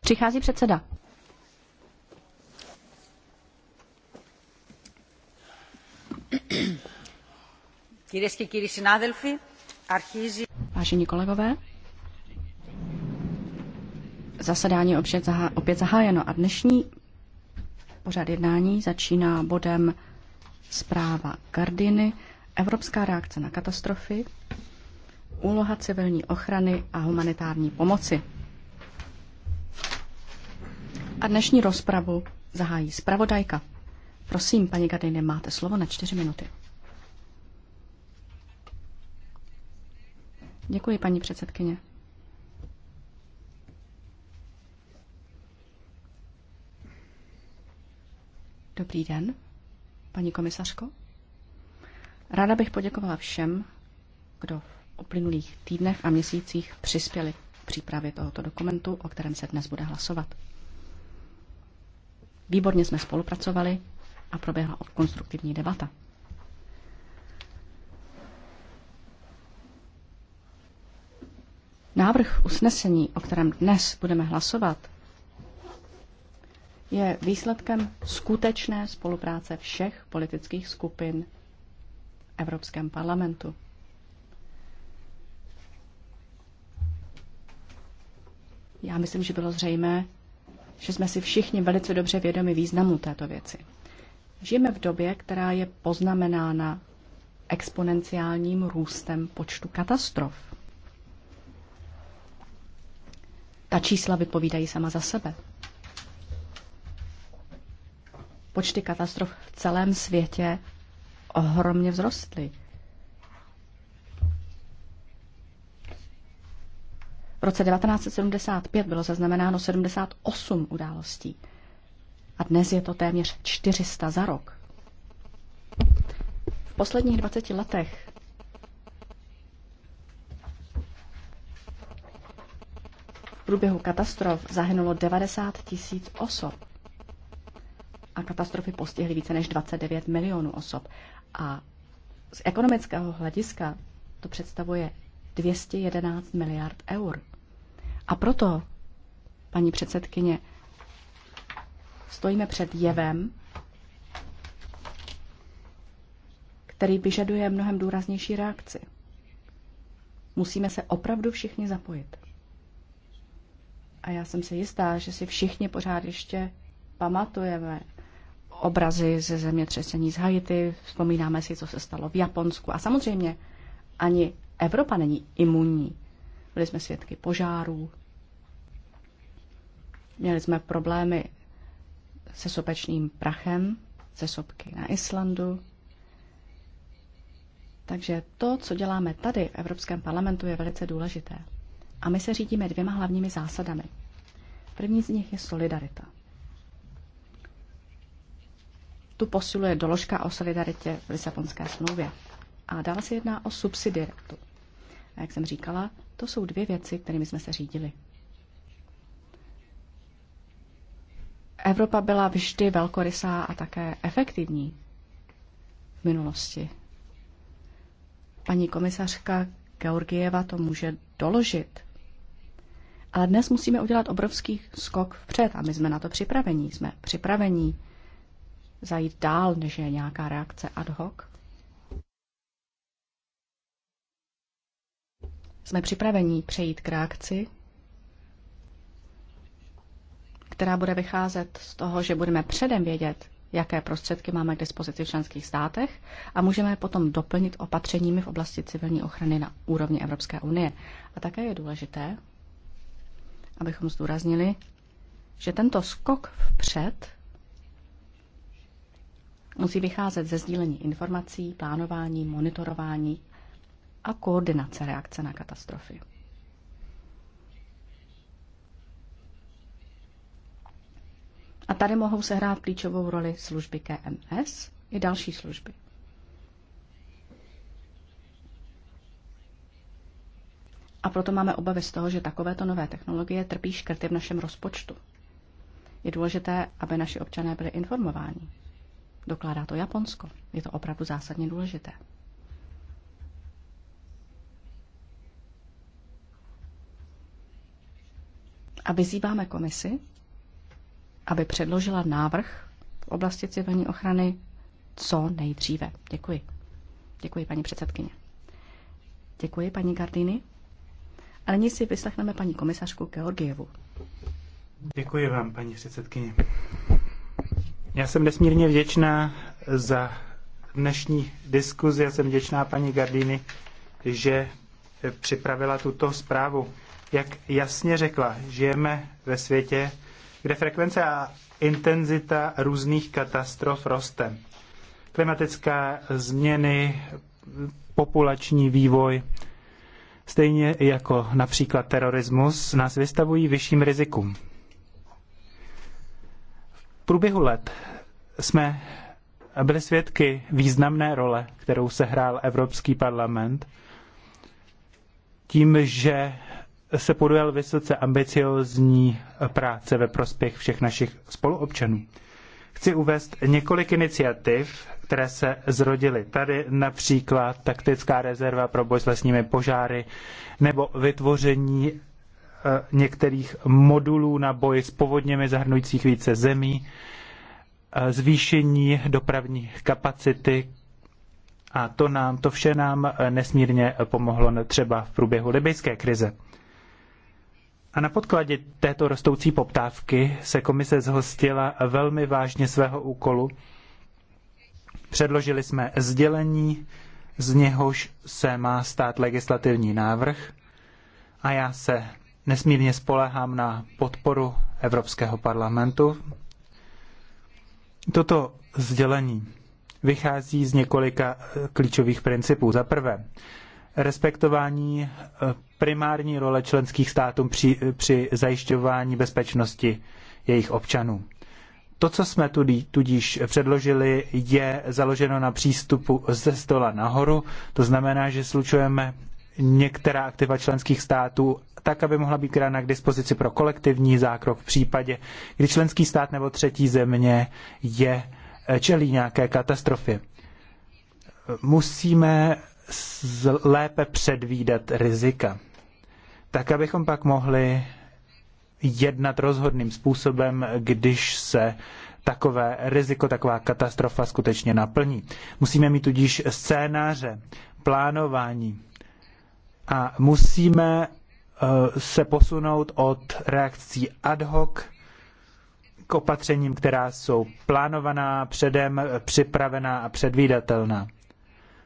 Přichází předseda. Vážení kolegové, zasedání opět, zahá, opět zahájeno a dnešní pořad jednání začíná bodem zpráva Gardiny, Evropská reakce na katastrofy, Úloha civilní ochrany a humanitární pomoci. A dnešní rozpravu zahájí zpravodajka. Prosím, paní Gadejne, máte slovo na čtyři minuty. Děkuji, paní předsedkyně. Dobrý den, paní komisařko. Ráda bych poděkovala všem, kdo v uplynulých týdnech a měsících přispěli k přípravě tohoto dokumentu, o kterém se dnes bude hlasovat. Výborně jsme spolupracovali a proběhla konstruktivní debata. Návrh usnesení, o kterém dnes budeme hlasovat, je výsledkem skutečné spolupráce všech politických skupin v Evropském parlamentu. Já myslím, že bylo zřejmé, že jsme si všichni velice dobře vědomi významu této věci. Žijeme v době, která je poznamenána exponenciálním růstem počtu katastrof. Ta čísla vypovídají sama za sebe. Počty katastrof v celém světě ohromně vzrostly. V roce 1975 bylo zaznamenáno 78 událostí. A dnes je to téměř 400 za rok. V posledních 20 letech v průběhu katastrof zahynulo 90 tisíc osob. A katastrofy postihly více než 29 milionů osob. A z ekonomického hlediska to představuje 211 miliard eur. A proto, paní předsedkyně, stojíme před jevem, který vyžaduje mnohem důraznější reakci. Musíme se opravdu všichni zapojit. A já jsem si jistá, že si všichni pořád ještě pamatujeme obrazy ze zemětřesení z Haiti, vzpomínáme si, co se stalo v Japonsku. A samozřejmě ani Evropa není imunní. Byli jsme svědky požárů, Měli jsme problémy se sopečným prachem, ze sopky na Islandu. Takže to, co děláme tady v Evropském parlamentu, je velice důležité. A my se řídíme dvěma hlavními zásadami. První z nich je solidarita. Tu posiluje doložka o solidaritě v Lisabonské smlouvě. A dále se jedná o subsidiaritu. A jak jsem říkala, to jsou dvě věci, kterými jsme se řídili. Evropa byla vždy velkorysá a také efektivní v minulosti. Paní komisařka Georgieva to může doložit. Ale dnes musíme udělat obrovský skok vpřed a my jsme na to připravení. Jsme připravení zajít dál, než je nějaká reakce ad hoc. Jsme připravení přejít k reakci, která bude vycházet z toho, že budeme předem vědět, jaké prostředky máme k dispozici v členských státech a můžeme je potom doplnit opatřeními v oblasti civilní ochrany na úrovni Evropské unie. A také je důležité, abychom zdůraznili, že tento skok vpřed musí vycházet ze sdílení informací, plánování, monitorování a koordinace reakce na katastrofy. tady mohou sehrát klíčovou roli služby KMS i další služby. A proto máme obavy z toho, že takovéto nové technologie trpí škrty v našem rozpočtu. Je důležité, aby naši občané byli informováni. Dokládá to Japonsko. Je to opravdu zásadně důležité. A vyzýváme komisi, aby předložila návrh v oblasti civilní ochrany co nejdříve. Děkuji. Děkuji, paní předsedkyně. Děkuji, paní Gardiny. A nyní si vyslechneme paní komisařku Georgievu. Děkuji vám, paní předsedkyně. Já jsem nesmírně vděčná za dnešní diskuzi. Já jsem vděčná paní Gardiny, že připravila tuto zprávu. Jak jasně řekla, žijeme ve světě, kde frekvence a intenzita různých katastrof roste. Klimatické změny, populační vývoj, stejně jako například terorismus, nás vystavují vyšším rizikům. V průběhu let jsme byli svědky významné role, kterou se hrál Evropský parlament, tím, že se podujal vysoce ambiciozní práce ve prospěch všech našich spoluobčanů. Chci uvést několik iniciativ, které se zrodily. Tady například taktická rezerva pro boj s lesními požáry nebo vytvoření eh, některých modulů na boj s povodněmi zahrnujících více zemí, eh, zvýšení dopravní kapacity, a to nám, to vše nám eh, nesmírně pomohlo třeba v průběhu libyjské krize. A na podkladě této rostoucí poptávky se komise zhostila velmi vážně svého úkolu. Předložili jsme sdělení, z něhož se má stát legislativní návrh a já se nesmírně spolehám na podporu Evropského parlamentu. Toto sdělení vychází z několika klíčových principů. Za prvé, respektování eh, primární role členských států při, při zajišťování bezpečnosti jejich občanů. To, co jsme tudí, tudíž předložili, je založeno na přístupu ze stola nahoru, to znamená, že slučujeme některá aktiva členských států tak, aby mohla být krána k dispozici pro kolektivní zákrok v případě, kdy členský stát nebo třetí země je eh, čelí nějaké katastrofě. Musíme lépe předvídat rizika, tak abychom pak mohli jednat rozhodným způsobem, když se takové riziko, taková katastrofa skutečně naplní. Musíme mít tudíž scénáře, plánování a musíme eh, se posunout od reakcí ad hoc k opatřením, která jsou plánovaná, předem připravená a předvídatelná.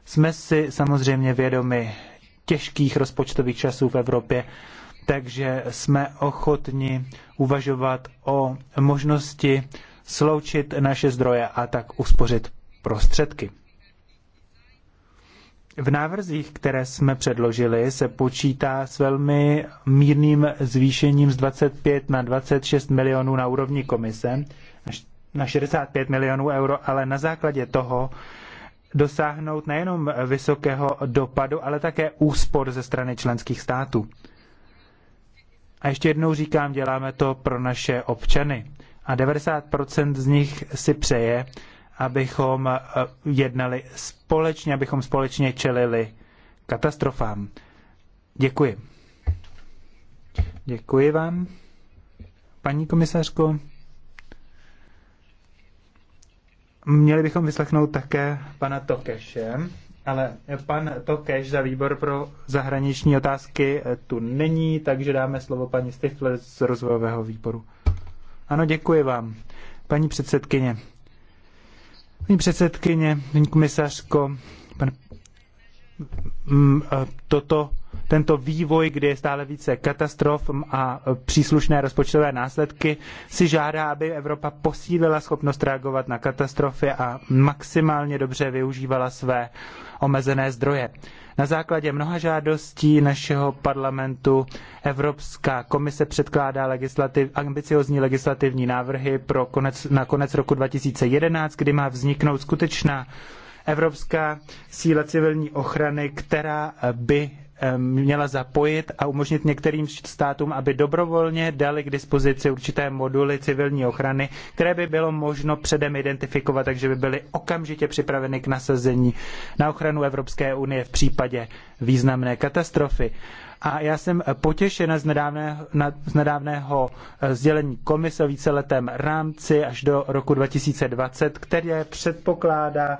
Jsme si samozřejmě vědomi těžkých rozpočtových časů v Evropě, takže jsme ochotni uvažovat o možnosti sloučit naše zdroje a tak uspořit prostředky. V návrzích, které jsme předložili, se počítá s velmi mírným zvýšením z 25 na 26 milionů na úrovni komise na 65 milionů euro, ale na základě toho dosáhnout nejenom vysokého dopadu, ale také úspor ze strany členských států. A ještě jednou říkám, děláme to pro naše občany. A 90% z nich si přeje, abychom eh, jednali společně, abychom společně čelili katastrofám. Děkuji. Děkuji vám, paní komisařko. Měli bychom vyslechnout také pana Tokeše, ale pan Tokeš za výbor pro zahraniční otázky tu není, takže dáme slovo paní Stifler z rozvojového výboru. Ano, děkuji vám. Paní předsedkyně, paní předsedkyně, paní komisařko, pan, toto tento vývoj, kdy je stále více katastrof a příslušné rozpočtové následky, si žádá, aby Evropa posílila schopnost reagovat na katastrofy a maximálně dobře využívala své omezené zdroje. Na základě mnoha žádostí našeho parlamentu Evropská komise předkládá legislativ, ambiciozní legislativní návrhy pro konec, na konec roku 2011, kdy má vzniknout skutečná evropská síla civilní ochrany, která by Eh, měla zapojit a umožnit některým státům, aby dobrovolně dali k dispozici určité moduly civilní ochrany, které by bylo možno předem identifikovat, takže by byly okamžitě připraveny k nasazení na ochranu Evropské unie v případě významné katastrofy. A já jsem potěšena z nedávného, z nedávného eh, sdělení komise o víceletém rámci až do roku 2020, které předpokládá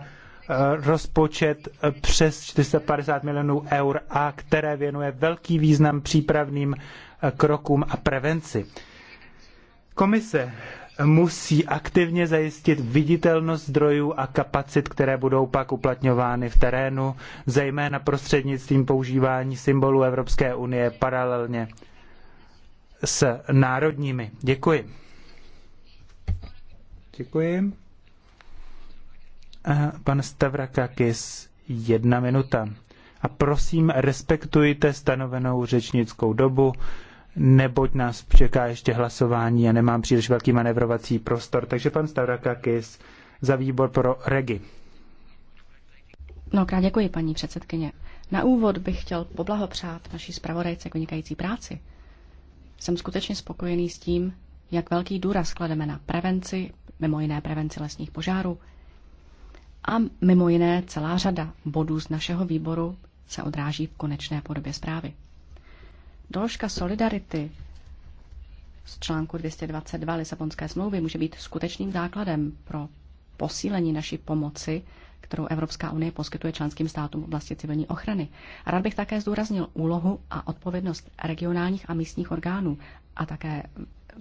rozpočet přes 450 milionů eur a které věnuje velký význam přípravným eh, krokům a prevenci. Komise musí aktivně zajistit viditelnost zdrojů a kapacit, které budou pak uplatňovány v terénu, zejména prostřednictvím používání symbolů Evropské unie paralelně s národními. Děkuji. Děkuji. Pan Stavrakakis, jedna minuta. A prosím, respektujte stanovenou řečnickou dobu, neboť nás čeká ještě hlasování a nemám příliš velký manevrovací prostor. Takže pan Stavrakakis za výbor pro regi. Mnohokrát děkuji, paní předsedkyně. Na úvod bych chtěl poblahopřát naší zpravodajce k vynikající práci. Jsem skutečně spokojený s tím, jak velký důraz klademe na prevenci, mimo jiné prevenci lesních požárů, a mimo jiné celá řada bodů z našeho výboru se odráží v konečné podobě zprávy. Doložka solidarity z článku 222 Lisabonské smlouvy může být skutečným základem pro posílení naší pomoci, kterou Evropská unie poskytuje členským státům v oblasti civilní ochrany. A rád bych také zdůraznil úlohu a odpovědnost regionálních a místních orgánů a také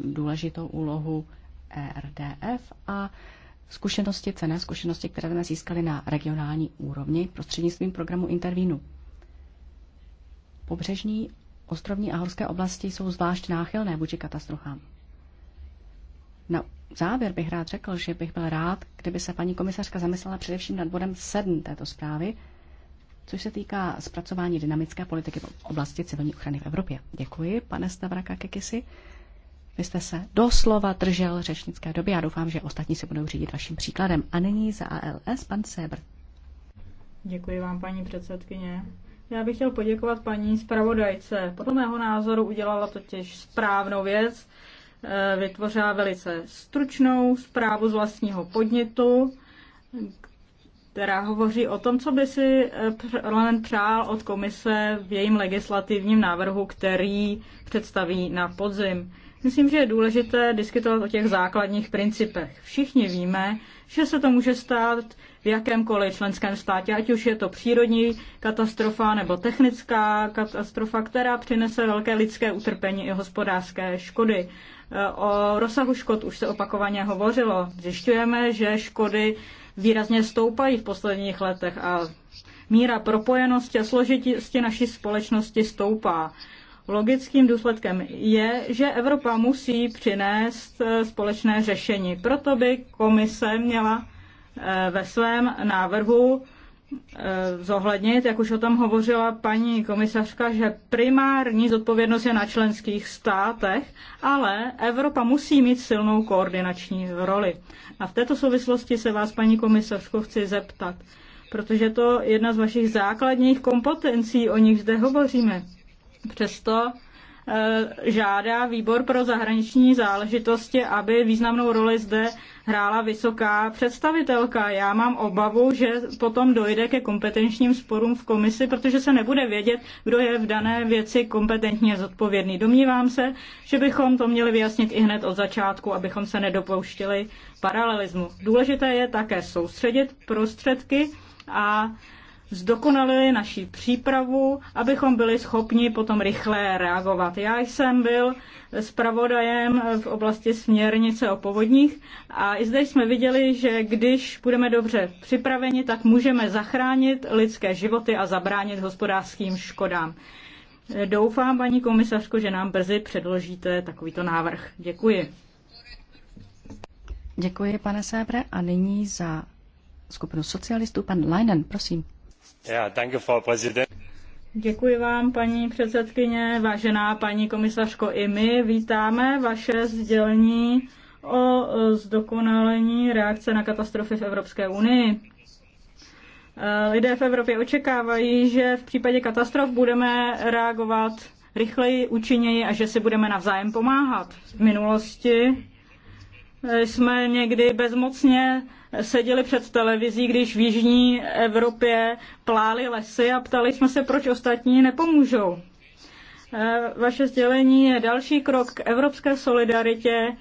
důležitou úlohu ERDF a zkušenosti, cené zkušenosti, které jsme získali na regionální úrovni prostřednictvím programu Intervínu. Pobřežní, ostrovní a horské oblasti jsou zvlášť náchylné vůči katastrofám. Na závěr bych rád řekl, že bych byl rád, kdyby se paní komisařka zamyslela především nad bodem 7 této zprávy, což se týká zpracování dynamické politiky v oblasti civilní ochrany v Evropě. Děkuji, pane Stavraka Kekisi. Vy jste se doslova držel řečnické doby. Já doufám, že ostatní se budou řídit vaším příkladem. A nyní za ALS pan Sebr. Děkuji vám, paní předsedkyně. Já bych chtěl poděkovat paní zpravodajce. Podle mého názoru udělala totiž správnou věc. Eh, vytvořila velice stručnou zprávu z vlastního podnětu, která hovoří o tom, co by si eh, parlament přál od komise v jejím legislativním návrhu, který představí na podzim. Myslím, že je důležité diskutovat o těch základních principech. Všichni víme, že se to může stát v jakémkoliv členském státě, ať už je to přírodní katastrofa nebo technická katastrofa, která přinese velké lidské utrpení i hospodářské škody. E, o rozsahu škod už se opakovaně hovořilo. Zjišťujeme, že škody výrazně stoupají v posledních letech a míra propojenosti a složitosti naší společnosti stoupá. Logickým důsledkem je, že Evropa musí přinést eh, společné řešení. Proto by komise měla eh, ve svém návrhu eh, zohlednit, jak už o tom hovořila paní komisařka, že primární zodpovědnost je na členských státech, ale Evropa musí mít silnou koordinační roli. A v této souvislosti se vás, paní komisařko, chci zeptat, protože to je jedna z vašich základních kompetencí, o nich zde hovoříme přesto eh, žádá výbor pro zahraniční záležitosti, aby významnou roli zde hrála vysoká představitelka. Já mám obavu, že potom dojde ke kompetenčním sporům v komisi, protože se nebude vědět, kdo je v dané věci kompetentně zodpovědný. Domnívám se, že bychom to měli vyjasnit i hned od začátku, abychom se nedopouštili paralelismu. Důležité je také soustředit prostředky a zdokonalili naší přípravu, abychom byli schopni potom rychle reagovat. Já jsem byl zpravodajem v oblasti směrnice o povodních a i zde jsme viděli, že když budeme dobře připraveni, tak můžeme zachránit lidské životy a zabránit hospodářským škodám. Doufám, paní komisařko, že nám brzy předložíte takovýto návrh. Děkuji. Děkuji, pane Sébre. A nyní za skupinu socialistů pan Leinen, prosím. Děkuji vám, paní předsedkyně, vážená paní komisařko, i my vítáme vaše sdělení o zdokonalení reakce na katastrofy v Evropské unii. Lidé v Evropě očekávají, že v případě katastrof budeme reagovat rychleji, účinněji a že si budeme navzájem pomáhat. V minulosti jsme někdy bezmocně seděli před televizí, když v Jižní Evropě plály lesy a ptali jsme se, proč ostatní nepomůžou. E, vaše sdělení je další krok k evropské solidaritě, e,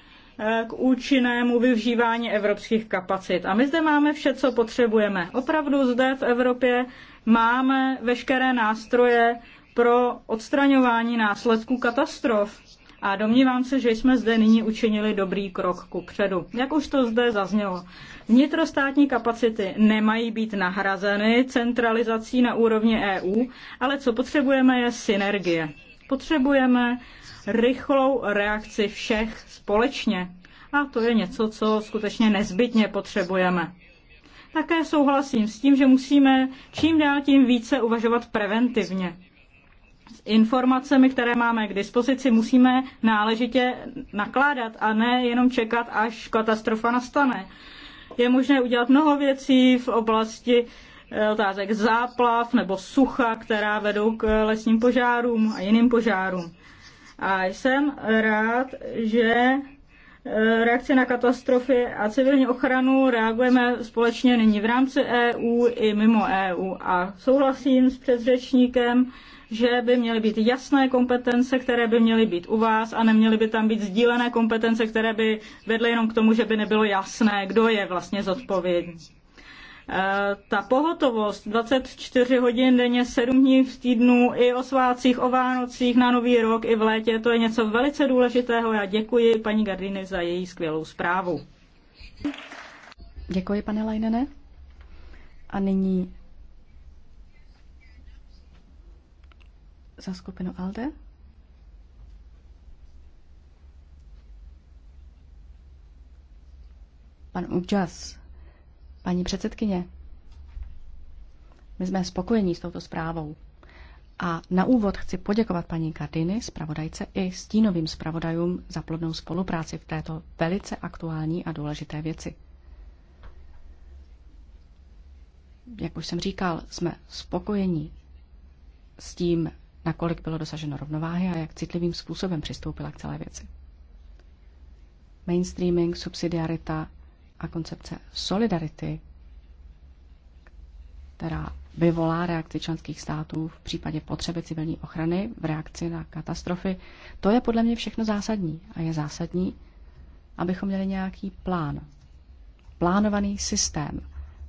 k účinnému využívání evropských kapacit. A my zde máme vše, co potřebujeme. Opravdu zde v Evropě máme veškeré nástroje pro odstraňování následků katastrof. A domnívám se, že jsme zde nyní učinili dobrý krok ku předu. Jak už to zde zaznělo, vnitrostátní kapacity nemají být nahrazeny centralizací na úrovni EU, ale co potřebujeme je synergie. Potřebujeme rychlou reakci všech společně. A to je něco, co skutečně nezbytně potřebujeme. Také souhlasím s tím, že musíme čím dál tím více uvažovat preventivně s informacemi, které máme k dispozici, musíme náležitě nakládat a ne jenom čekat, až katastrofa nastane. Je možné udělat mnoho věcí v oblasti eh, otázek záplav nebo sucha, která vedou k lesním požárům a jiným požárům. A jsem rád, že eh, reakce na katastrofy a civilní ochranu reagujeme společně nyní v rámci EU i mimo EU. A souhlasím s předřečníkem, že by měly být jasné kompetence, které by měly být u vás a neměly by tam být sdílené kompetence, které by vedly jenom k tomu, že by nebylo jasné, kdo je vlastně zodpovědný. E, ta pohotovost 24 hodin denně, 7 dní v týdnu, i o svácích, o Vánocích, na Nový rok, i v létě, to je něco velice důležitého. Já děkuji paní Gardiny za její skvělou zprávu. Děkuji, pane Lajnene. A nyní za skupinu ALDE. Pan Účas, paní předsedkyně, my jsme spokojení s touto zprávou. A na úvod chci poděkovat paní Kardiny, zpravodajce i stínovým zpravodajům za plodnou spolupráci v této velice aktuální a důležité věci. Jak už jsem říkal, jsme spokojení s tím, nakolik bylo dosaženo rovnováhy a jak citlivým způsobem přistoupila k celé věci. Mainstreaming, subsidiarita a koncepce solidarity, která vyvolá reakci členských států v případě potřeby civilní ochrany v reakci na katastrofy, to je podle mě všechno zásadní. A je zásadní, abychom měli nějaký plán, plánovaný systém,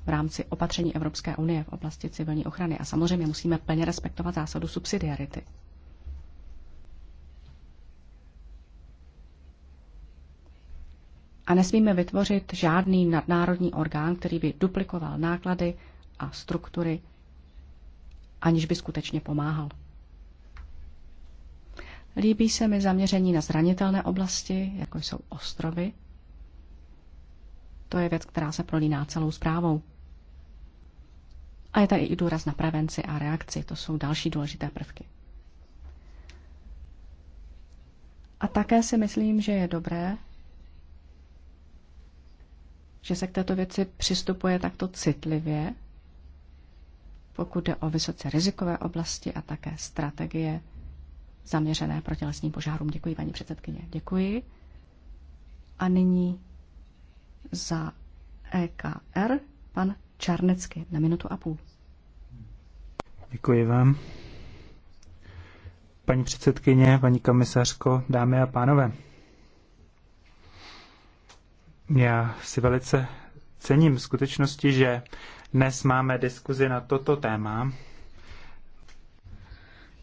v rámci opatření Evropské unie v oblasti civilní ochrany. A samozřejmě musíme plně respektovat zásadu subsidiarity. A nesmíme vytvořit žádný nadnárodní orgán, který by duplikoval náklady a struktury, aniž by skutečně pomáhal. Líbí se mi zaměření na zranitelné oblasti, jako jsou ostrovy. To je věc, která se prolíná celou zprávou. A je tady i důraz na prevenci a reakci. To jsou další důležité prvky. A také si myslím, že je dobré, že se k této věci přistupuje takto citlivě, pokud jde o vysoce rizikové oblasti a také strategie zaměřené proti lesním požárům. Děkuji, paní předsedkyně. Děkuji. A nyní za EKR pan Čarnecky na minutu a půl. Děkuji vám. Paní předsedkyně, paní komisařko, dámy a pánové. Já si velice cením skutečnosti, že dnes máme diskuzi na toto téma,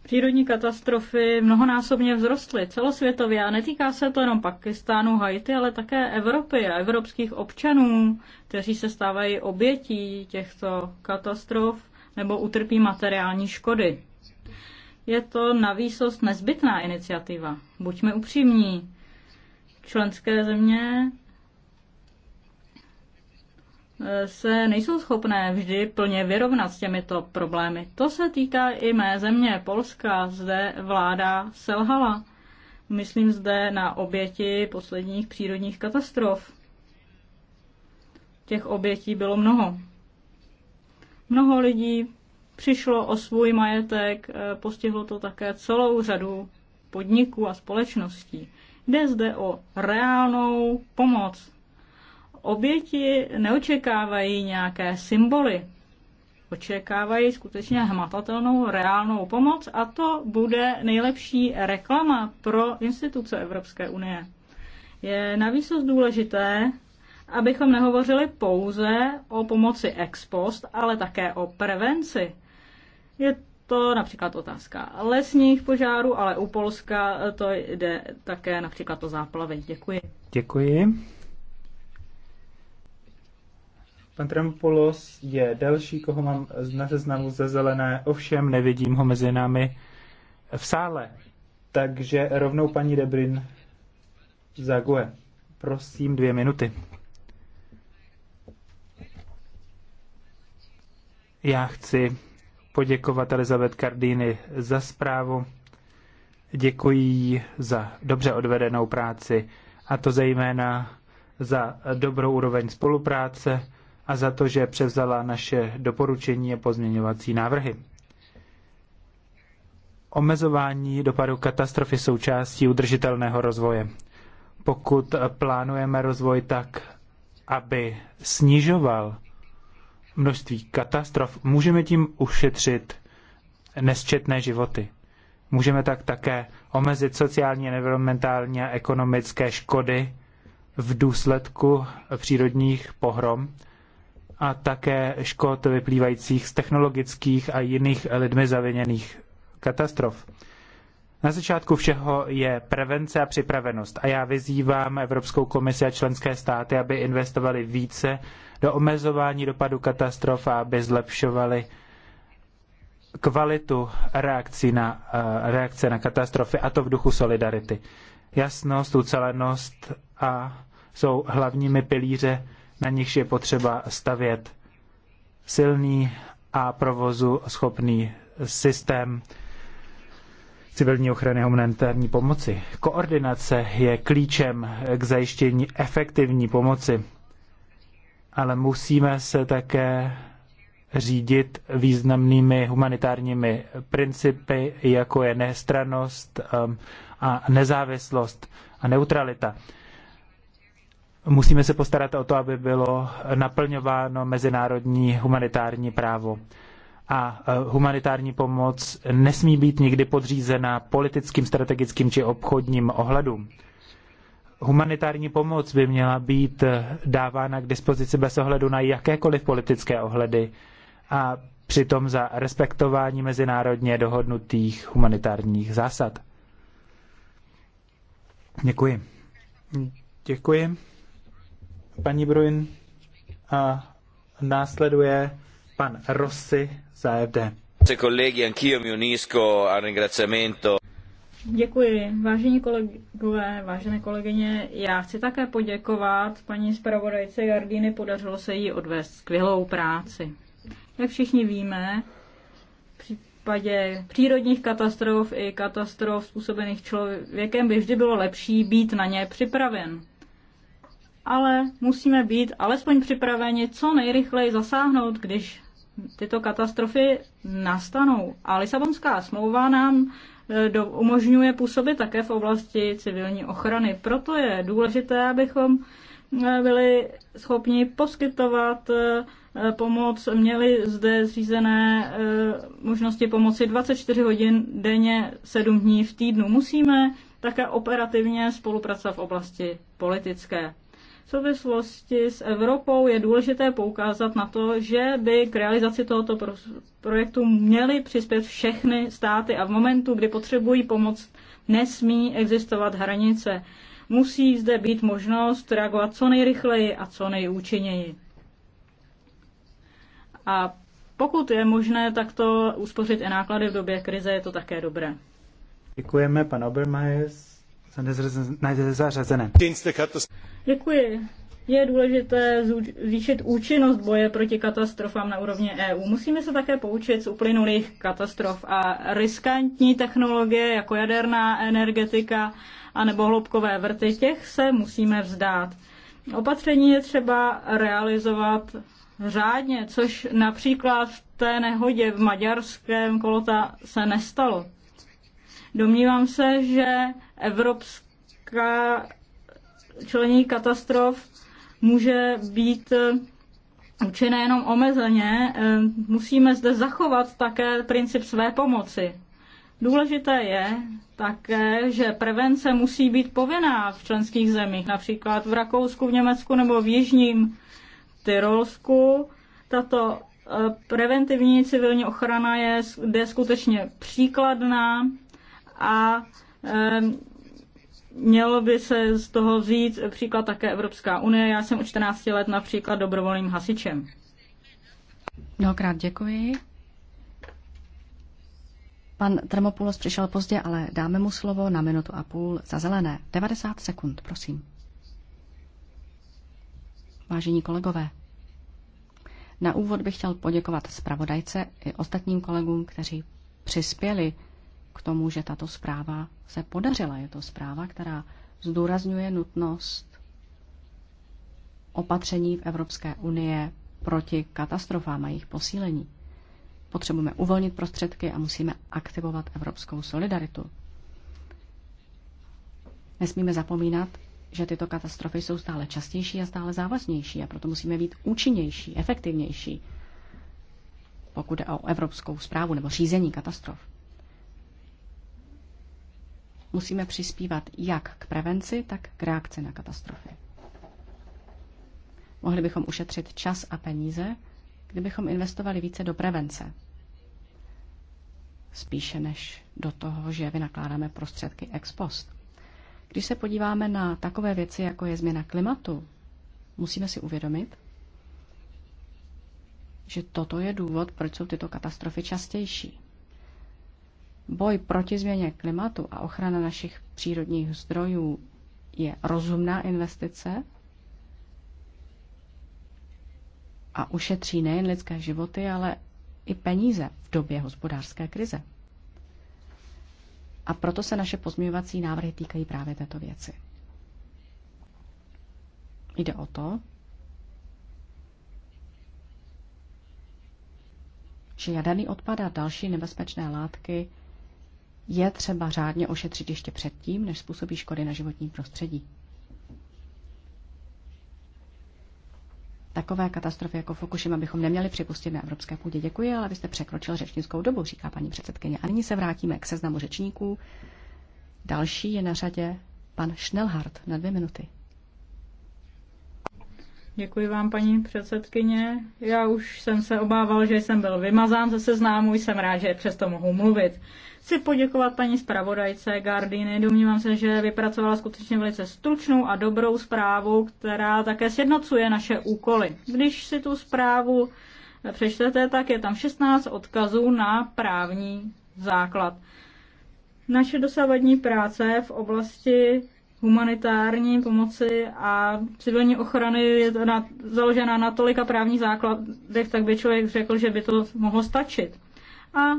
Přírodní katastrofy mnohonásobně vzrostly celosvětově a netýká se to jenom Pakistánu, Haiti, ale také Evropy a evropských občanů, kteří se stávají obětí těchto katastrof nebo utrpí materiální škody. Je to na výsost nezbytná iniciativa. Buďme upřímní. Členské země se nejsou schopné vždy plně vyrovnat s těmito problémy. To se týká i mé země, Polska. Zde vláda selhala. Myslím zde na oběti posledních přírodních katastrof. Těch obětí bylo mnoho. Mnoho lidí přišlo o svůj majetek, eh, postihlo to také celou řadu podniků a společností. Jde zde o reálnou pomoc, oběti neočekávají nějaké symboly, očekávají skutečně hmatatelnou reálnou pomoc a to bude nejlepší reklama pro instituce Evropské unie. Je navíc důležité, abychom nehovořili pouze o pomoci ex post, ale také o prevenci. Je to například otázka lesních požárů, ale u Polska to jde také například o záplavy. Děkuji. Děkuji. Pan Trempolos je další, koho mám na seznamu ze zelené, ovšem nevidím ho mezi námi v sále. Takže rovnou paní Debrin Zague. Prosím, dvě minuty. Já chci poděkovat Elizabeth Cardini za zprávu. Děkuji za dobře odvedenou práci a to zejména za dobrou úroveň spolupráce a za to, že převzala naše doporučení a pozměňovací návrhy. Omezování dopadu katastrofy součástí udržitelného rozvoje. Pokud plánujeme rozvoj tak, aby snižoval množství katastrof, můžeme tím ušetřit nesčetné životy. Můžeme tak také omezit sociální, environmentální a ekonomické škody v důsledku přírodních pohrom a také škod vyplývajících z technologických a jiných lidmi zaviněných katastrof. Na začátku všeho je prevence a připravenost a já vyzývám Evropskou komisi a členské státy, aby investovali více do omezování dopadu katastrof a aby zlepšovali kvalitu reakcí na, eh, reakce na katastrofy a to v duchu solidarity. Jasnost, ucelenost a jsou hlavními pilíře na nichž je potřeba stavět silný a provozu schopný systém civilní ochrany a humanitární pomoci. Koordinace je klíčem k zajištění efektivní pomoci, ale musíme se také řídit významnými humanitárními principy, jako je nestranost um, a nezávislost a neutralita. Musíme se postarat o to, aby bylo naplňováno mezinárodní humanitární právo. A e, humanitární pomoc nesmí být nikdy podřízena politickým, strategickým či obchodním ohledům. Humanitární pomoc by měla být e, dávána k dispozici bez ohledu na jakékoliv politické ohledy a přitom za respektování mezinárodně dohodnutých humanitárních zásad. Děkuji. Děkuji paní Bruin a následuje pan Rossi za FD. Děkuji, vážení kolegové, vážené kolegyně. Já chci také poděkovat paní zpravodajce Gardíny, podařilo se jí odvést skvělou práci. Jak všichni víme, v případě přírodních katastrof i katastrof způsobených člověkem by vždy bylo lepší být na ně připraven ale musíme být alespoň připraveni co nejrychleji zasáhnout, když tyto katastrofy nastanou. A Lisabonská smlouva nám e, do, umožňuje působit také v oblasti civilní ochrany. Proto je důležité, abychom e, byli schopni poskytovat e, pomoc. Měli zde zřízené možnosti pomoci 24 hodin denně, 7 dní v týdnu. Musíme také operativně spolupracovat v oblasti politické. V souvislosti s Evropou je důležité poukázat na to, že by k realizaci tohoto projektu měly přispět všechny státy a v momentu, kdy potřebují pomoc, nesmí existovat hranice. Musí zde být možnost reagovat co nejrychleji a co nejúčinněji. A pokud je možné takto uspořit i náklady v době krize, je to také dobré. Děkujeme, pan Obermajes nezařazené. Děkuji. Je důležité zvýšit účinnost boje proti katastrofám na úrovni EU. Musíme se také poučit z uplynulých katastrof a riskantní technologie jako jaderná energetika anebo hloubkové vrty, těch se musíme vzdát. Opatření je třeba realizovat řádně, což například v té nehodě v maďarském kolota se nestalo. Domnívám se, že Evropská člení katastrof může být eh, učené jenom omezeně, eh, musíme zde zachovat také princip své pomoci. Důležité je také, že prevence musí být povinná v členských zemích, například v Rakousku, v Německu nebo v Jižním Tyrolsku. Tato eh, preventivní civilní ochrana je, je skutečně příkladná a Mělo by se z toho vzít příklad také Evropská unie. Já jsem u 14 let například dobrovolným hasičem. Mnohokrát děkuji. Pan Tremopoulos přišel pozdě, ale dáme mu slovo na minutu a půl za zelené. 90 sekund, prosím. Vážení kolegové, na úvod bych chtěl poděkovat zpravodajce i ostatním kolegům, kteří přispěli k tomu, že tato zpráva se podařila. Je to zpráva, která zdůrazňuje nutnost opatření v Evropské unie proti katastrofám a jejich posílení. Potřebujeme uvolnit prostředky a musíme aktivovat evropskou solidaritu. Nesmíme zapomínat, že tyto katastrofy jsou stále častější a stále závaznější a proto musíme být účinnější, efektivnější, pokud jde o evropskou zprávu nebo řízení katastrof. Musíme přispívat jak k prevenci, tak k reakci na katastrofy. Mohli bychom ušetřit čas a peníze, kdybychom investovali více do prevence, spíše než do toho, že vynakládáme prostředky ex post. Když se podíváme na takové věci, jako je změna klimatu, musíme si uvědomit, že toto je důvod, proč jsou tyto katastrofy častější. Boj proti změně klimatu a ochrana našich přírodních zdrojů je rozumná investice a ušetří nejen lidské životy, ale i peníze v době hospodářské krize. A proto se naše pozměňovací návrhy týkají právě této věci. Jde o to, že jaderný odpad a další nebezpečné látky je třeba řádně ošetřit ještě předtím, než způsobí škody na životním prostředí. Takové katastrofy jako Fukushima bychom neměli připustit na evropské půdě. Děkuji, ale vy jste překročil řečnickou dobu, říká paní předsedkyně. A nyní se vrátíme k seznamu řečníků. Další je na řadě pan Schnellhardt na dvě minuty. Děkuji vám, paní předsedkyně. Já už jsem se obával, že jsem byl vymazán ze seznámu, jsem rád, že přesto mohu mluvit. Chci poděkovat paní zpravodajce Gardiny. Domnívám se, že vypracovala skutečně velice stručnou a dobrou zprávu, která také sjednocuje naše úkoly. Když si tu zprávu přečtete, tak je tam 16 odkazů na právní základ. Naše dosavadní práce v oblasti humanitární pomoci a civilní ochrany je to na, založena na tolika právních základech, tak by člověk řekl, že by to mohlo stačit. A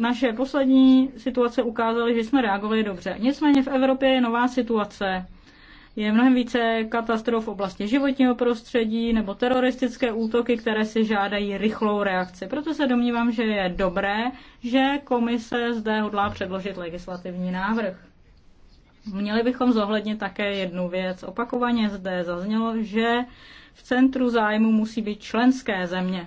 naše poslední situace ukázaly, že jsme reagovali dobře. Nicméně v Evropě je nová situace. Je mnohem více katastrof v oblasti životního prostředí nebo teroristické útoky, které si žádají rychlou reakci. Proto se domnívám, že je dobré, že komise zde hodlá předložit legislativní návrh. Měli bychom zohlednit také jednu věc. Opakovaně zde zaznělo, že v centru zájmu musí být členské země.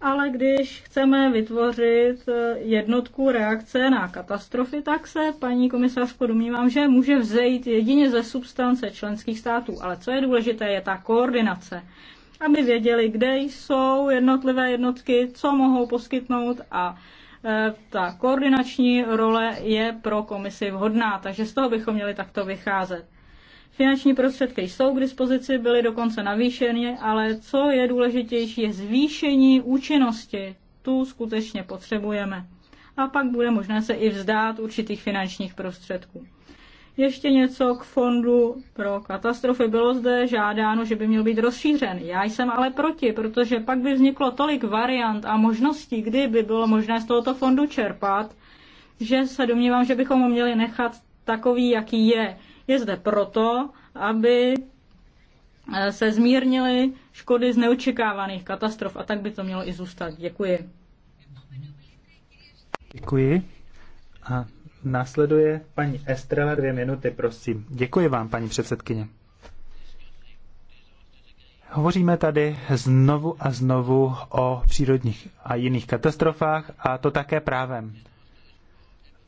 Ale když chceme vytvořit eh, jednotku reakce na katastrofy, tak se, paní komisařko, domnívám, že může vzejít jedině ze substance členských států. Ale co je důležité, je ta koordinace. Aby věděli, kde jsou jednotlivé jednotky, co mohou poskytnout a Eh, ta koordinační role je pro komisi vhodná, takže z toho bychom měli takto vycházet. Finanční prostředky jsou k dispozici, byly dokonce navýšeny, ale co je důležitější, je zvýšení účinnosti. Tu skutečně potřebujeme. A pak bude možné se i vzdát určitých finančních prostředků. Ještě něco k fondu pro katastrofy. Bylo zde žádáno, že by měl být rozšířen. Já jsem ale proti, protože pak by vzniklo tolik variant a možností, kdy by bylo možné z tohoto fondu čerpat, že se domnívám, že bychom ho měli nechat takový, jaký je. Je zde proto, aby eh, se zmírnily škody z neočekávaných katastrof a tak by to mělo i zůstat. Děkuji. Děkuji. A Následuje paní Estrela dvě minuty, prosím. Děkuji vám, paní předsedkyně. Hovoříme tady znovu a znovu o přírodních a jiných katastrofách a to také právem.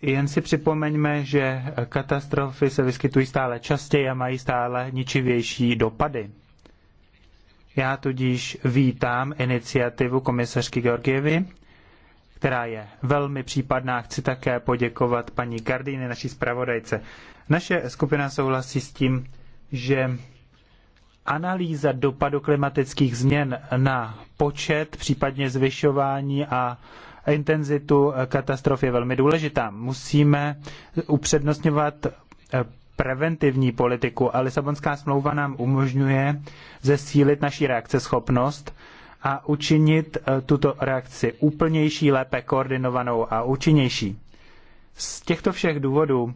Jen si připomeňme, že katastrofy se vyskytují stále častěji a mají stále ničivější dopady. Já tudíž vítám iniciativu komisařky Georgievy která je velmi případná. Chci také poděkovat paní Gardini, naší zpravodajce. Naše skupina souhlasí s tím, že analýza dopadu klimatických změn na počet, případně zvyšování a intenzitu katastrof je velmi důležitá. Musíme upřednostňovat preventivní politiku a Lisabonská smlouva nám umožňuje zesílit naší reakceschopnost schopnost a učinit eh, tuto reakci úplnější, lépe koordinovanou a účinnější. Z těchto všech důvodů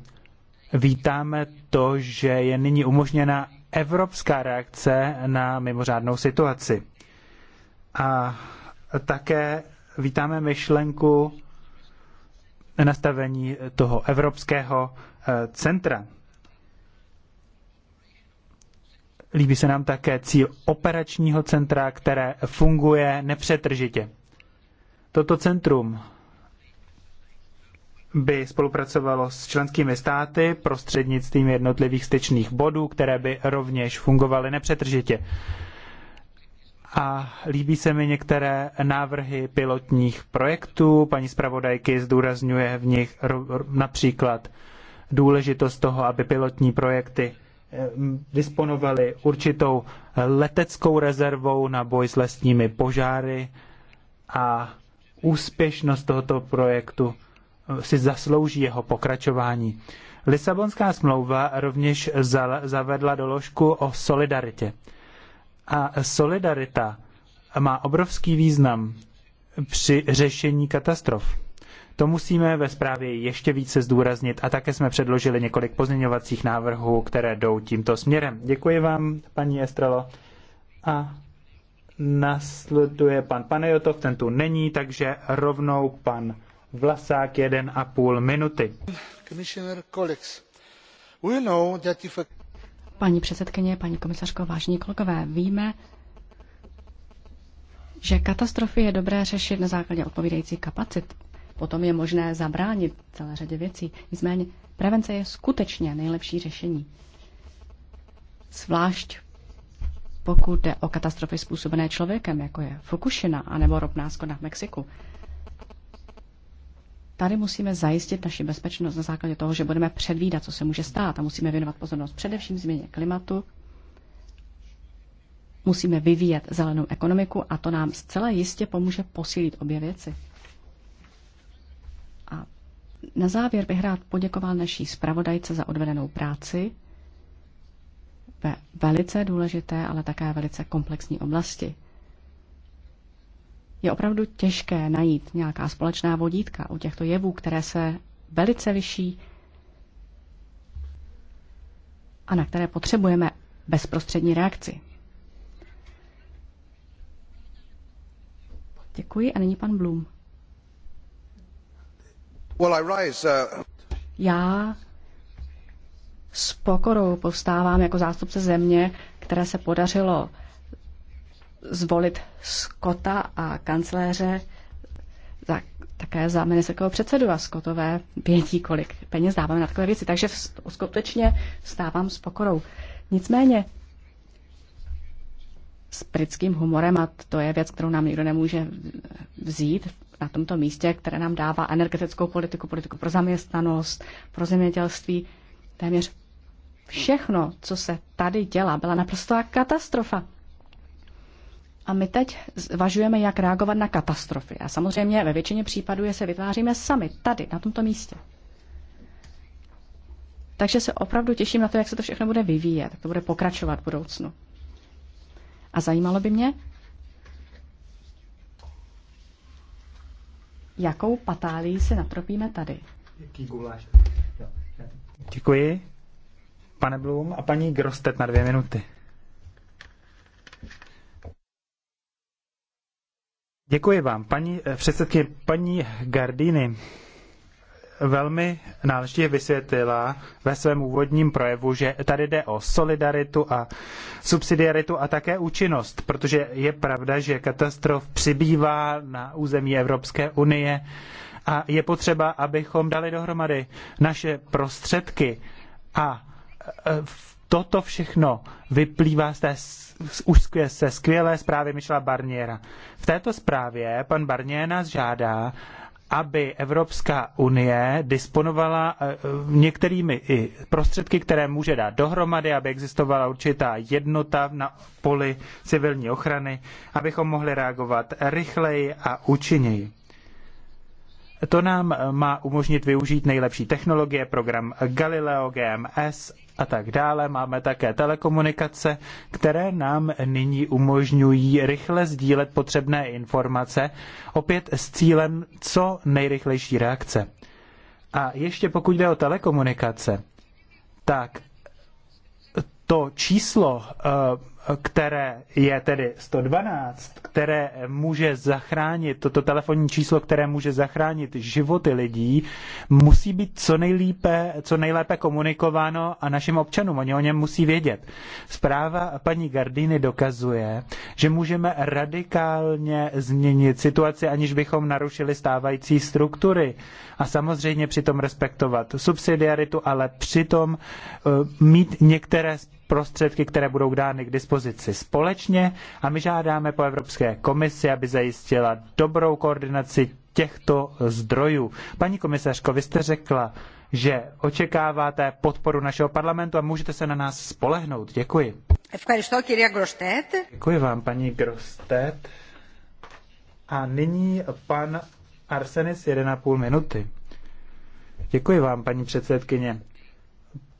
vítáme to, že je nyní umožněna evropská reakce na mimořádnou situaci. A také vítáme myšlenku nastavení toho evropského eh, centra Líbí se nám také cíl operačního centra, které funguje nepřetržitě. Toto centrum by spolupracovalo s členskými státy prostřednictvím jednotlivých styčných bodů, které by rovněž fungovaly nepřetržitě. A líbí se mi některé návrhy pilotních projektů. Paní zpravodajky zdůrazňuje v nich například důležitost toho, aby pilotní projekty Ehm, disponovali určitou leteckou rezervou na boj s lesními požáry a úspěšnost tohoto projektu eh, si zaslouží jeho pokračování. Lisabonská smlouva rovněž zavedla doložku o solidaritě. A solidarita má obrovský význam při řešení katastrof. To musíme ve zprávě ještě více zdůraznit a také jsme předložili několik pozměňovacích návrhů, které jdou tímto směrem. Děkuji vám, paní Estrelo. A nasleduje pan Panejotov, ten tu není, takže rovnou pan Vlasák půl minuty. Paní předsedkyně, paní komisařko, vážení kolegové, víme, že katastrofy je dobré řešit na základě odpovídající kapacit potom je možné zabránit celé řadě věcí. Nicméně prevence je skutečně nejlepší řešení. Zvlášť pokud jde o katastrofy způsobené člověkem, jako je Fukushima anebo ropná skoda v Mexiku. Tady musíme zajistit naši bezpečnost na základě toho, že budeme předvídat, co se může stát a musíme věnovat pozornost především změně klimatu, musíme vyvíjet zelenou ekonomiku a to nám zcela jistě pomůže posílit obě věci. Na závěr bych rád poděkoval naší zpravodajce za odvedenou práci ve velice důležité, ale také velice komplexní oblasti. Je opravdu těžké najít nějaká společná vodítka u těchto jevů, které se velice liší a na které potřebujeme bezprostřední reakci. Děkuji a nyní pan Blum. Uh, Já s pokorou povstávám jako zástupce země, které se podařilo zvolit Skota a kancléře za, také za ministerského předsedu a Skotové vědí, kolik peněz dáváme na takové věci. Takže skutečně stávám s pokorou. Nicméně s britským humorem, a to je věc, kterou nám nikdo nemůže vzít, na tomto místě, které nám dává energetickou politiku, politiku pro zaměstnanost, pro zemědělství. Téměř všechno, co se tady dělá, byla naprostá katastrofa. A my teď zvažujeme, jak reagovat na katastrofy. A samozřejmě ve většině případů je se vytváříme sami, tady, na tomto místě. Takže se opravdu těším na to, jak se to všechno bude vyvíjet, jak to bude pokračovat v budoucnu. A zajímalo by mě, jakou patálí si natropíme tady. Děkuji, pane Blum a paní Grostet na dvě minuty. Děkuji vám. Paní eh, předsedkyně, paní Gardiny, velmi náležitě vysvětlila ve svém úvodním projevu, že tady jde o solidaritu a subsidiaritu a také účinnost, protože je pravda, že katastrof přibývá na území Evropské unie a je potřeba, abychom dali dohromady naše prostředky a e, toto všechno vyplývá z té už se skvělé zprávy Michela Barniera. V této zprávě pan Barnier nás žádá, aby Evropská unie disponovala eh, některými i prostředky, které může dát dohromady, aby existovala určitá jednota na poli civilní ochrany, abychom mohli reagovat rychleji a účinněji. To nám eh, má umožnit využít nejlepší technologie, program Galileo, GMS a tak dále. Máme také telekomunikace, které nám nyní umožňují rychle sdílet potřebné informace, opět s cílem co nejrychlejší reakce. A ještě pokud jde o telekomunikace, tak to číslo eh, které je tedy 112, které může zachránit, toto telefonní číslo, které může zachránit životy lidí, musí být co nejlépe, co nejlépe komunikováno a našim občanům. Oni o něm musí vědět. Zpráva paní Gardiny dokazuje, že můžeme radikálně změnit situaci, aniž bychom narušili stávající struktury. A samozřejmě přitom respektovat subsidiaritu, ale přitom eh, mít některé prostředky, které budou dány k dispozici společně a my žádáme po Evropské komisi, aby zajistila dobrou koordinaci těchto zdrojů. Paní komisařko, vy jste řekla, že očekáváte podporu našeho parlamentu a můžete se na nás spolehnout. Děkuji. Děkuji vám, paní Grostet. A nyní pan Arsenis 1,5 minuty. Děkuji vám, paní předsedkyně.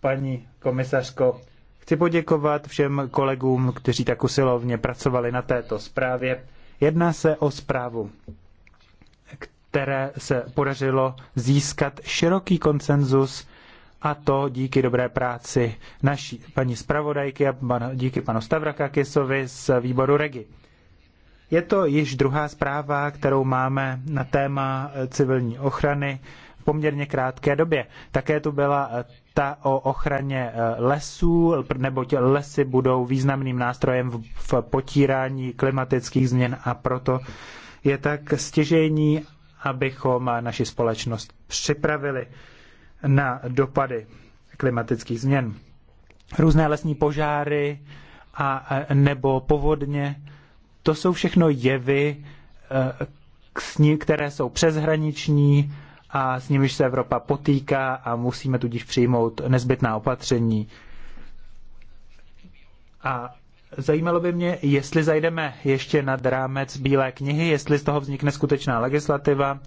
Paní komisařko, Chci poděkovat všem kolegům, kteří tak usilovně pracovali na této zprávě. Jedná se o zprávu, které se podařilo získat široký konsenzus a to díky dobré práci naší paní zpravodajky a díky panu Stavrakakisovi z výboru Regi. Je to již druhá zpráva, kterou máme na téma civilní ochrany v poměrně krátké době. Také tu byla ta o ochraně eh, lesů, neboť lesy budou významným nástrojem v potírání klimatických změn a proto je tak stěžejní, abychom eh, naši společnost připravili na dopady klimatických změn. Různé lesní požáry a eh, nebo povodně, to jsou všechno jevy, které jsou přeshraniční a s nimiž se Evropa potýká a musíme tudíž přijmout nezbytná opatření. A zajímalo by mě, jestli zajdeme ještě nad rámec Bílé knihy, jestli z toho vznikne skutečná legislativa.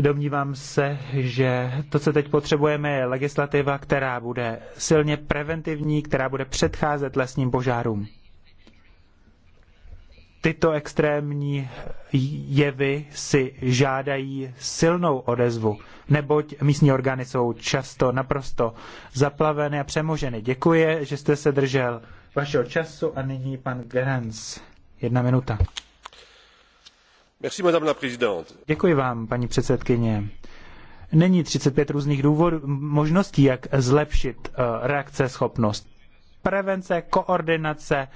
Domnívám se, že to, co teď potřebujeme, je legislativa, která bude silně preventivní, která bude předcházet lesním požárům tyto extrémní jevy si žádají silnou odezvu, neboť místní orgány jsou často naprosto zaplaveny a přemoženy. Děkuji, že jste se držel vašeho času a nyní pan Gerens. Jedna minuta. Merci, madame la présidente. Děkuji vám, paní předsedkyně. Není 35 různých důvodů, možností, jak zlepšit eh, reakce schopnost. Prevence, koordinace,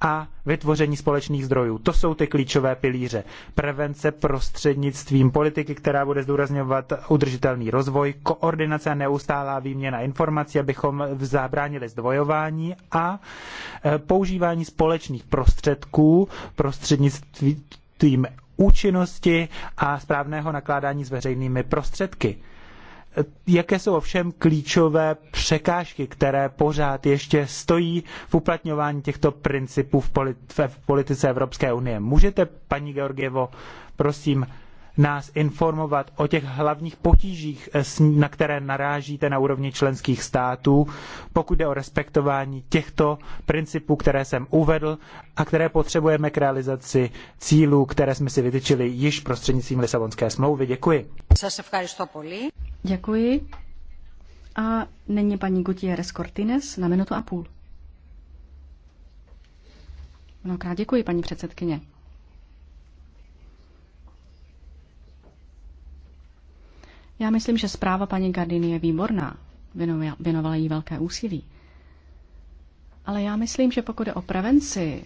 a vytvoření společných zdrojů. To jsou ty klíčové pilíře. Prevence prostřednictvím politiky, která bude zdůrazňovat udržitelný rozvoj, koordinace a neustálá výměna informací, abychom zabránili zdvojování a e, používání společných prostředků prostřednictvím účinnosti a správného nakládání s veřejnými prostředky jaké jsou ovšem klíčové překážky, které pořád ještě stojí v uplatňování těchto principů v politice Evropské unie. Můžete, paní Georgievo, prosím, nás informovat o těch hlavních potížích, eh, na které narážíte na úrovni členských států, pokud jde o respektování těchto principů, které jsem uvedl a které potřebujeme k realizaci cílů, které jsme si vytyčili již prostřednictvím Lisabonské smlouvy. Děkuji. Děkuji. A nyní paní Gutierrez Cortines na minutu a půl. Mnohokrát děkuji, paní předsedkyně. Já myslím, že zpráva paní Gardiny je výborná. Věnovala jí velké úsilí. Ale já myslím, že pokud je o prevenci,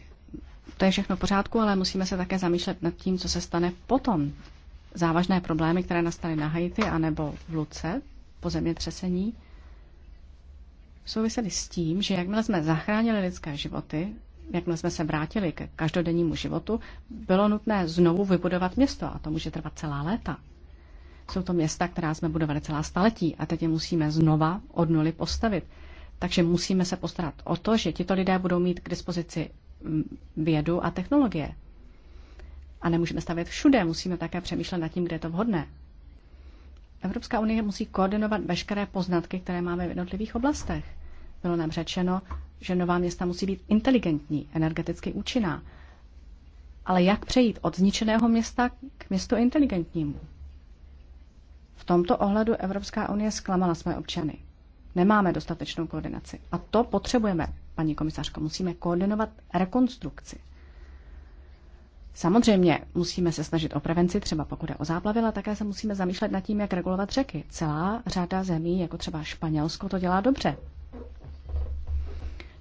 to je všechno v pořádku, ale musíme se také zamýšlet nad tím, co se stane potom. Závažné problémy, které nastaly na Haiti nebo v Luce po zemětřesení, souvisely s tím, že jakmile jsme zachránili lidské životy, jakmile jsme se vrátili k každodennímu životu, bylo nutné znovu vybudovat město a to může trvat celá léta. Jsou to města, která jsme budovali celá staletí a teď je musíme znova od nuly postavit. Takže musíme se postarat o to, že tito lidé budou mít k dispozici mm, vědu a technologie. A nemůžeme stavět všude, musíme také přemýšlet nad tím, kde je to vhodné. Evropská unie musí koordinovat veškeré poznatky, které máme v jednotlivých oblastech. Bylo nám řečeno, že nová města musí být inteligentní, energeticky účinná. Ale jak přejít od zničeného města k městu inteligentnímu? V tomto ohledu Evropská unie zklamala své občany. Nemáme dostatečnou koordinaci. A to potřebujeme, paní komisařko. Musíme koordinovat rekonstrukci. Samozřejmě musíme se snažit o prevenci, třeba pokud je o záplavy, ale také se musíme zamýšlet nad tím, jak regulovat řeky. Celá řada zemí, jako třeba Španělsko, to dělá dobře.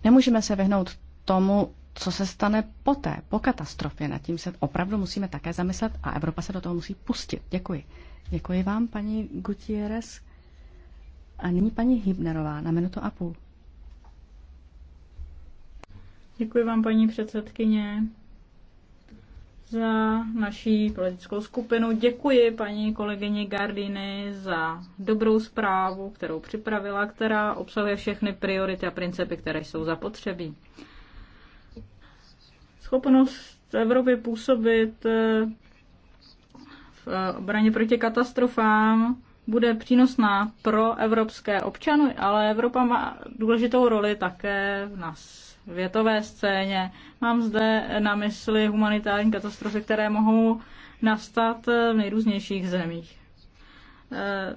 Nemůžeme se vyhnout tomu, co se stane poté, po katastrofě. Nad tím se opravdu musíme také zamyslet a Evropa se do toho musí pustit. Děkuji. Děkuji vám, paní Gutierrez. A nyní paní Hybnerová na minutu a půl. Děkuji vám, paní předsedkyně, za naší politickou skupinu. Děkuji paní kolegyni Gardiny za dobrou zprávu, kterou připravila, která obsahuje všechny priority a principy, které jsou zapotřebí. Schopnost Evropy působit eh, v eh, obraně proti katastrofám bude přínosná pro evropské občany, ale Evropa má důležitou roli také na světové scéně. Mám zde na mysli humanitární katastrofy, které mohou nastat v nejrůznějších zemích. Eh,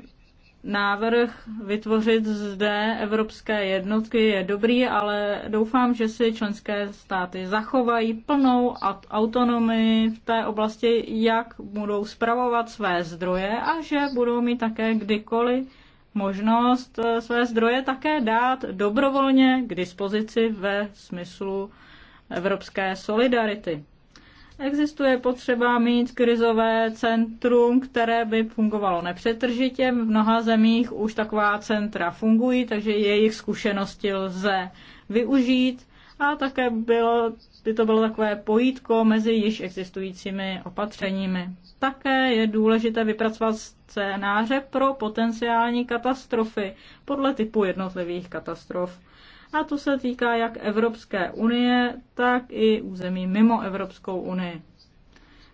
návrh vytvořit zde evropské jednotky je dobrý, ale doufám, že si členské státy zachovají plnou autonomii v té oblasti, jak budou spravovat své zdroje a že budou mít také kdykoliv možnost eh, své zdroje také dát dobrovolně k dispozici ve smyslu evropské solidarity. Existuje potřeba mít krizové centrum, které by fungovalo nepřetržitě. V mnoha zemích už taková centra fungují, takže jejich zkušenosti lze využít. A také bylo, by to bylo takové pojítko mezi již existujícími opatřeními. Také je důležité vypracovat scénáře pro potenciální katastrofy podle typu jednotlivých katastrof a to se týká jak Evropské unie, tak i území mimo Evropskou unii.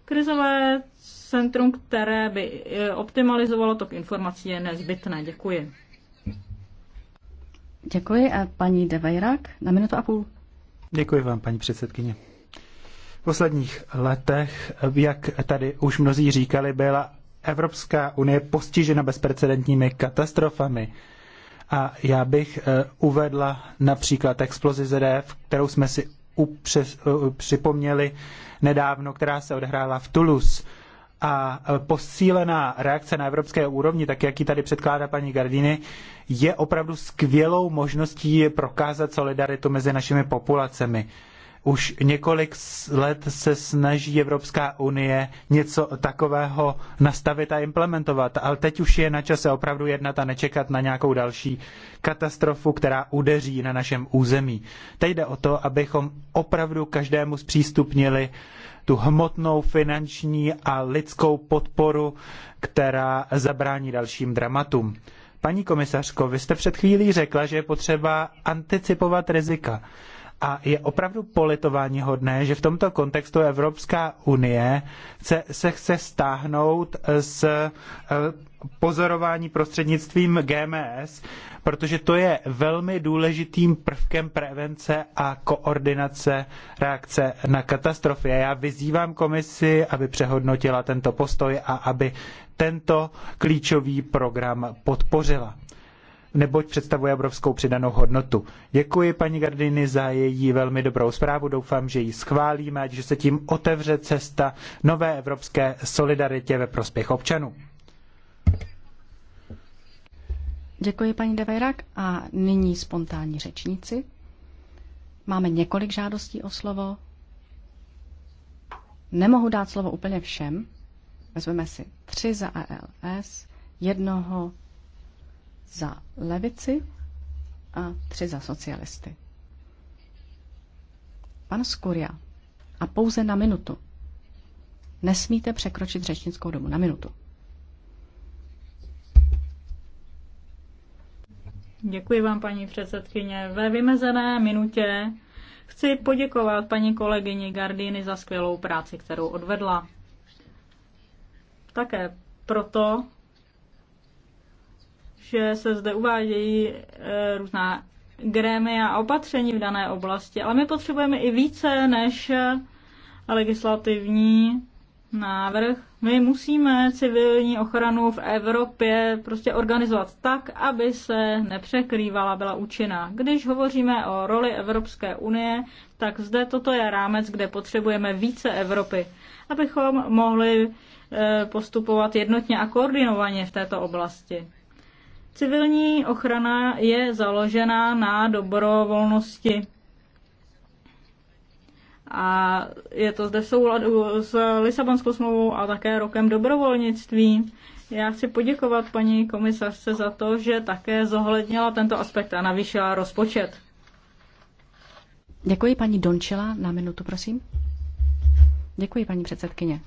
Krizové centrum, které by e, optimalizovalo tok informací, je nezbytné. Děkuji. Děkuji a paní Devajrak na minutu a půl. Děkuji vám, paní předsedkyně. V posledních letech, jak tady už mnozí říkali, byla Evropská unie postižena bezprecedentními katastrofami. A já bych eh, uvedla například explozi ZDF, kterou jsme si upřes, eh, připomněli nedávno, která se odehrála v Toulouse. A eh, posílená reakce na evropské úrovni, tak jak ji tady předkládá paní Gardini, je opravdu skvělou možností prokázat solidaritu mezi našimi populacemi. Už několik let se snaží Evropská unie něco takového nastavit a implementovat, ale teď už je na čase opravdu jednat a nečekat na nějakou další katastrofu, která udeří na našem území. Teď jde o to, abychom opravdu každému zpřístupnili tu hmotnou, finanční a lidskou podporu, která zabrání dalším dramatům. Paní komisařko, vy jste před chvílí řekla, že je potřeba anticipovat rizika. A je opravdu politování hodné, že v tomto kontextu Evropská unie se, se chce stáhnout z eh, pozorování prostřednictvím GMS, protože to je velmi důležitým prvkem prevence a koordinace reakce na katastrofy. A já vyzývám komisi, aby přehodnotila tento postoj a aby tento klíčový program podpořila neboť představuje obrovskou přidanou hodnotu. Děkuji paní Gardini za její velmi dobrou zprávu, doufám, že ji schválíme, a že se tím otevře cesta nové evropské solidaritě ve prospěch občanů. Děkuji paní Devejrak a nyní spontánní řečníci. Máme několik žádostí o slovo. Nemohu dát slovo úplně všem. Vezmeme si tři za ALS, jednoho za levici a tři za socialisty. Pan Skuria. A pouze na minutu. Nesmíte překročit řečnickou dobu. Na minutu. Děkuji vám, paní předsedkyně. Ve vymezené minutě chci poděkovat paní kolegyni Gardini za skvělou práci, kterou odvedla. Také proto, že se zde uvádějí e, různá grémia a opatření v dané oblasti, ale my potřebujeme i více než legislativní návrh. My musíme civilní ochranu v Evropě prostě organizovat tak, aby se nepřekrývala, byla účinná. Když hovoříme o roli Evropské unie, tak zde toto je rámec, kde potřebujeme více Evropy, abychom mohli e, postupovat jednotně a koordinovaně v této oblasti. Civilní ochrana je založená na dobrovolnosti. A je to zde v souladu s Lisabonskou smlouvou a také rokem dobrovolnictví. Já chci poděkovat paní komisařce za to, že také zohlednila tento aspekt a navýšila rozpočet. Děkuji paní Dončila. Na minutu, prosím. Děkuji, paní předsedkyně.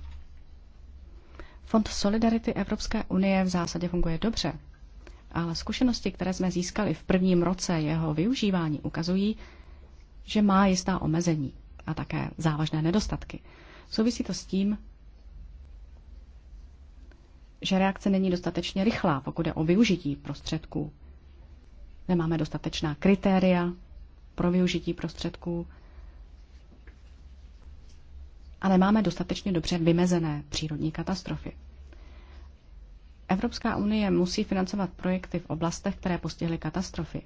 Fond Solidarity Evropské unie v zásadě funguje dobře ale zkušenosti, které jsme získali v prvním roce jeho využívání, ukazují, že má jistá omezení a také závažné nedostatky. Souvisí to s tím, že reakce není dostatečně rychlá, pokud je o využití prostředků. Nemáme dostatečná kritéria pro využití prostředků a nemáme dostatečně dobře vymezené přírodní katastrofy. Evropská unie musí financovat projekty v oblastech, které postihly katastrofy.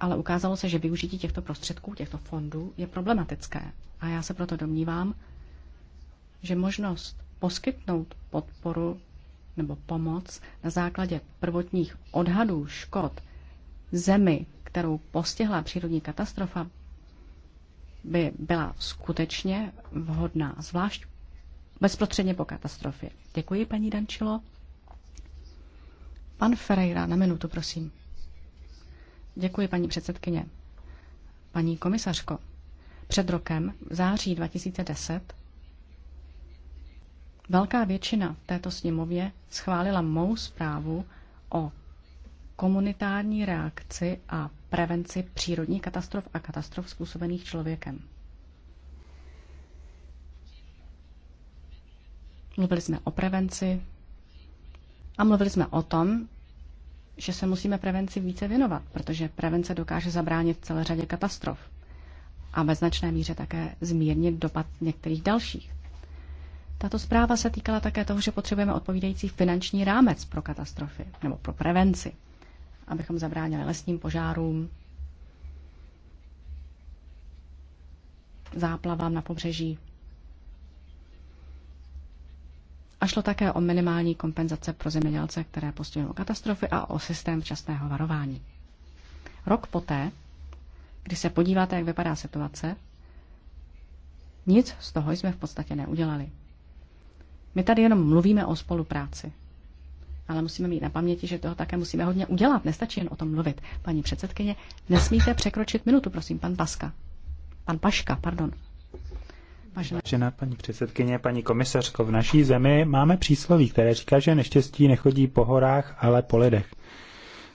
Ale ukázalo se, že využití těchto prostředků, těchto fondů je problematické. A já se proto domnívám, že možnost poskytnout podporu nebo pomoc na základě prvotních odhadů škod zemi, kterou postihla přírodní katastrofa, by byla skutečně vhodná, zvlášť bezprostředně po katastrofě. Děkuji, paní Dančilo. Pan Ferreira, na minutu, prosím. Děkuji, paní předsedkyně. Paní komisařko, před rokem, v září 2010, velká většina v této sněmově schválila mou zprávu o komunitární reakci a prevenci přírodních katastrof a katastrof způsobených člověkem. Mluvili jsme o prevenci, a mluvili jsme o tom, že se musíme prevenci více věnovat, protože prevence dokáže zabránit celé řadě katastrof a ve značné míře také zmírnit dopad některých dalších. Tato zpráva se týkala také toho, že potřebujeme odpovídající finanční rámec pro katastrofy nebo pro prevenci, abychom zabránili lesním požárům, záplavám na pobřeží. A šlo také o minimální kompenzace pro zemědělce, které postihly katastrofy a o systém včasného varování. Rok poté, když se podíváte, jak vypadá situace, nic z toho jsme v podstatě neudělali. My tady jenom mluvíme o spolupráci. Ale musíme mít na paměti, že toho také musíme hodně udělat. Nestačí jen o tom mluvit. Paní předsedkyně, nesmíte překročit minutu, prosím, pan Paska. Pan Paška, pardon. Vážená paní předsedkyně, paní komisařko, v naší zemi máme přísloví, které říká, že neštěstí nechodí po horách, ale po lidech.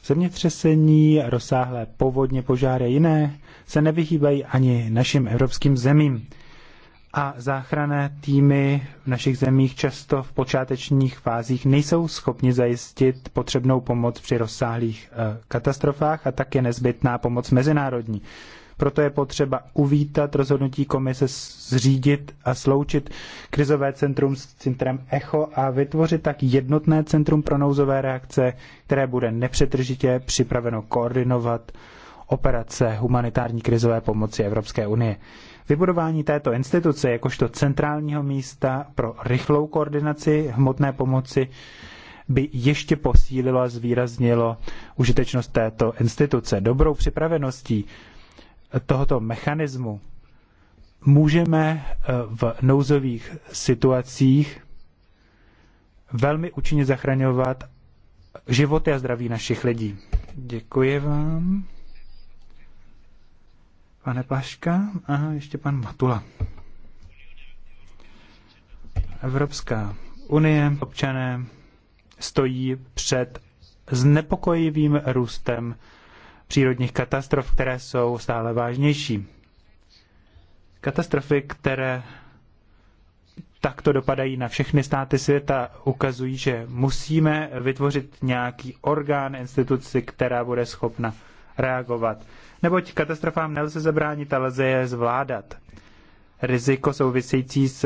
Zemětřesení, rozsáhlé povodně, požáry jiné se nevyhýbají ani našim evropským zemím. A záchranné týmy v našich zemích často v počátečních fázích nejsou schopni zajistit potřebnou pomoc při rozsáhlých eh, katastrofách a tak je nezbytná pomoc mezinárodní. Proto je potřeba uvítat rozhodnutí komise zřídit a sloučit krizové centrum s centrem ECHO a vytvořit tak jednotné centrum pro nouzové reakce, které bude nepřetržitě připraveno koordinovat operace humanitární krizové pomoci Evropské unie. Vybudování této instituce jakožto centrálního místa pro rychlou koordinaci hmotné pomoci by ještě posílilo a zvýraznilo užitečnost této instituce. Dobrou připraveností tohoto mechanismu můžeme eh, v nouzových situacích velmi účinně zachraňovat životy a zdraví našich lidí. Děkuji vám. Pane Paška aha, ještě pan Matula. Evropská unie, občané stojí před znepokojivým růstem přírodních katastrof, které jsou stále vážnější. Katastrofy, které takto dopadají na všechny státy světa, ukazují, že musíme vytvořit nějaký orgán, instituci, která bude schopna reagovat. Neboť katastrofám nelze zabránit, ale lze je zvládat. Riziko související s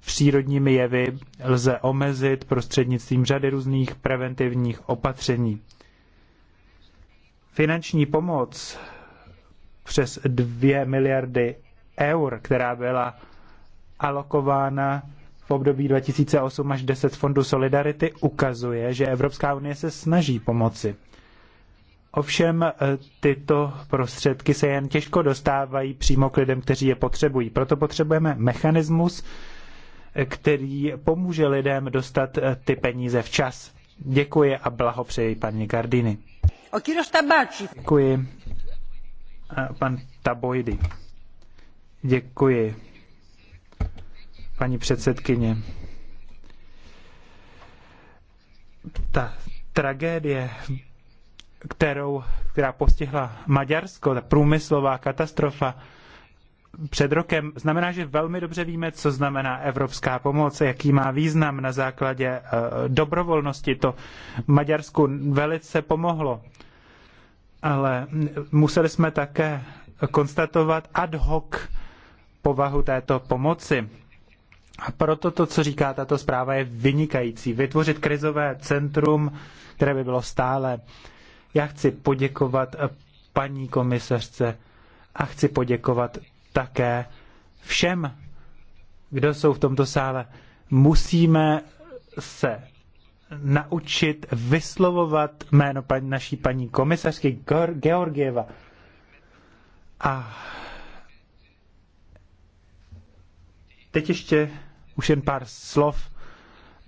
přírodními jevy lze omezit prostřednictvím řady různých preventivních opatření finanční pomoc přes 2 miliardy eur, která byla alokována v období 2008 až 10 fondu Solidarity, ukazuje, že Evropská unie se snaží pomoci. Ovšem e, tyto prostředky se jen těžko dostávají přímo k lidem, kteří je potřebují. Proto potřebujeme mechanismus, který pomůže lidem dostat e, ty peníze včas. Děkuji a blahopřeji paní Gardiny. Děkuji. Pan Tabojdy. Děkuji. Paní předsedkyně. Ta tragédie, kterou, která postihla Maďarsko, ta průmyslová katastrofa, před rokem, znamená, že velmi dobře víme, co znamená evropská pomoc, jaký má význam na základě eh, dobrovolnosti. To Maďarsku velice pomohlo. Ale museli jsme také konstatovat ad hoc povahu této pomoci. A proto to, co říká tato zpráva, je vynikající. Vytvořit krizové centrum, které by bylo stále. Já chci poděkovat eh, paní komisařce a chci poděkovat také všem, kdo jsou v tomto sále. Musíme se naučit vyslovovat jméno paní, naší paní komisařky Georgieva. A teď ještě už jen pár slov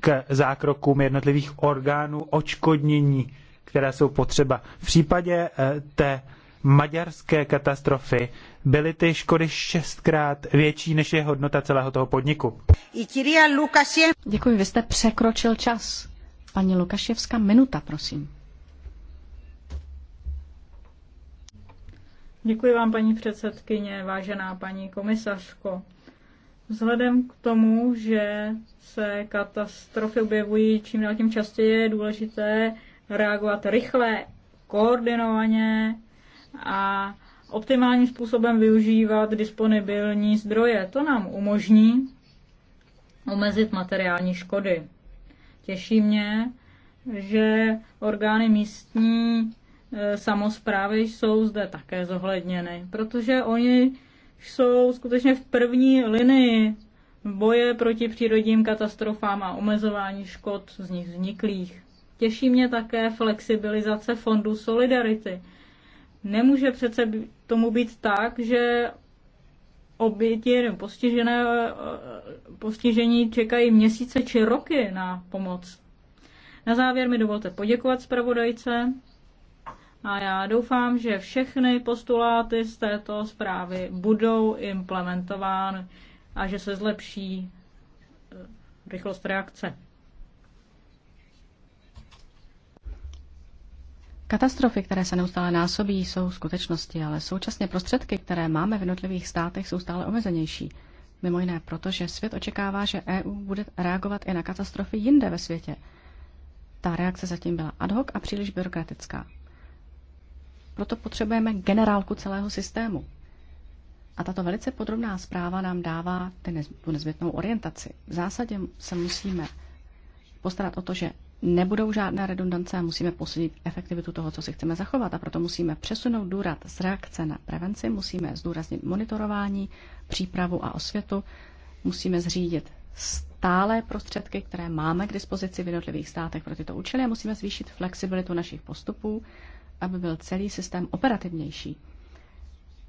k zákrokům jednotlivých orgánů očkodnění, které jsou potřeba. V případě eh, té maďarské katastrofy byly ty škody šestkrát větší, než je hodnota celého toho podniku. Děkuji, vy jste překročil čas. Paní Lukaševská, minuta, prosím. Děkuji vám, paní předsedkyně, vážená paní komisařko. Vzhledem k tomu, že se katastrofy objevují čím dál tím častěji, je důležité reagovat rychle, koordinovaně a optimálním způsobem využívat disponibilní zdroje. To nám umožní omezit materiální škody. Těší mě, že orgány místní e, samozprávy jsou zde také zohledněny, protože oni jsou skutečně v první linii boje proti přírodním katastrofám a omezování škod z nich vzniklých. Těší mě také flexibilizace fondu Solidarity, Nemůže přece tomu být tak, že oběti nebo postižené, eh, postižení čekají měsíce či roky na pomoc. Na závěr mi dovolte poděkovat zpravodajce a já doufám, že všechny postuláty z této zprávy budou implementovány a že se zlepší eh, rychlost reakce. Katastrofy, které se neustále násobí, jsou skutečnosti, ale současně prostředky, které máme v jednotlivých státech, jsou stále omezenější. Mimo jiné proto, že svět očekává, že EU bude reagovat i na katastrofy jinde ve světě. Ta reakce zatím byla ad hoc a příliš byrokratická. Proto potřebujeme generálku celého systému. A tato velice podrobná zpráva nám dává tu nezbytnou orientaci. V zásadě se musíme postarat o to, že nebudou žádné redundance a musíme posílit efektivitu toho, co si chceme zachovat. A proto musíme přesunout důraz z reakce na prevenci, musíme zdůraznit monitorování, přípravu a osvětu, musíme zřídit stále prostředky, které máme k dispozici v jednotlivých státech pro tyto účely a musíme zvýšit flexibilitu našich postupů, aby byl celý systém operativnější.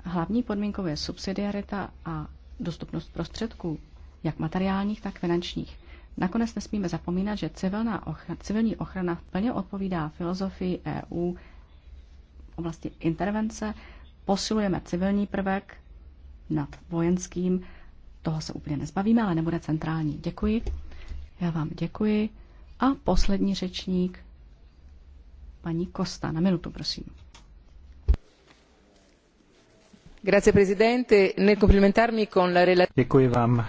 Hlavní podmínkou je subsidiarita a dostupnost prostředků, jak materiálních, tak finančních. Nakonec nesmíme zapomínat, že civilná ochrana, civilní ochrana plně odpovídá filozofii EU v oblasti intervence. Posilujeme civilní prvek nad vojenským. Toho se úplně nezbavíme, ale nebude centrální. Děkuji. Já vám děkuji. A poslední řečník, paní Kosta. Na minutu, prosím. Grazie Presidente. con la Děkuji vám,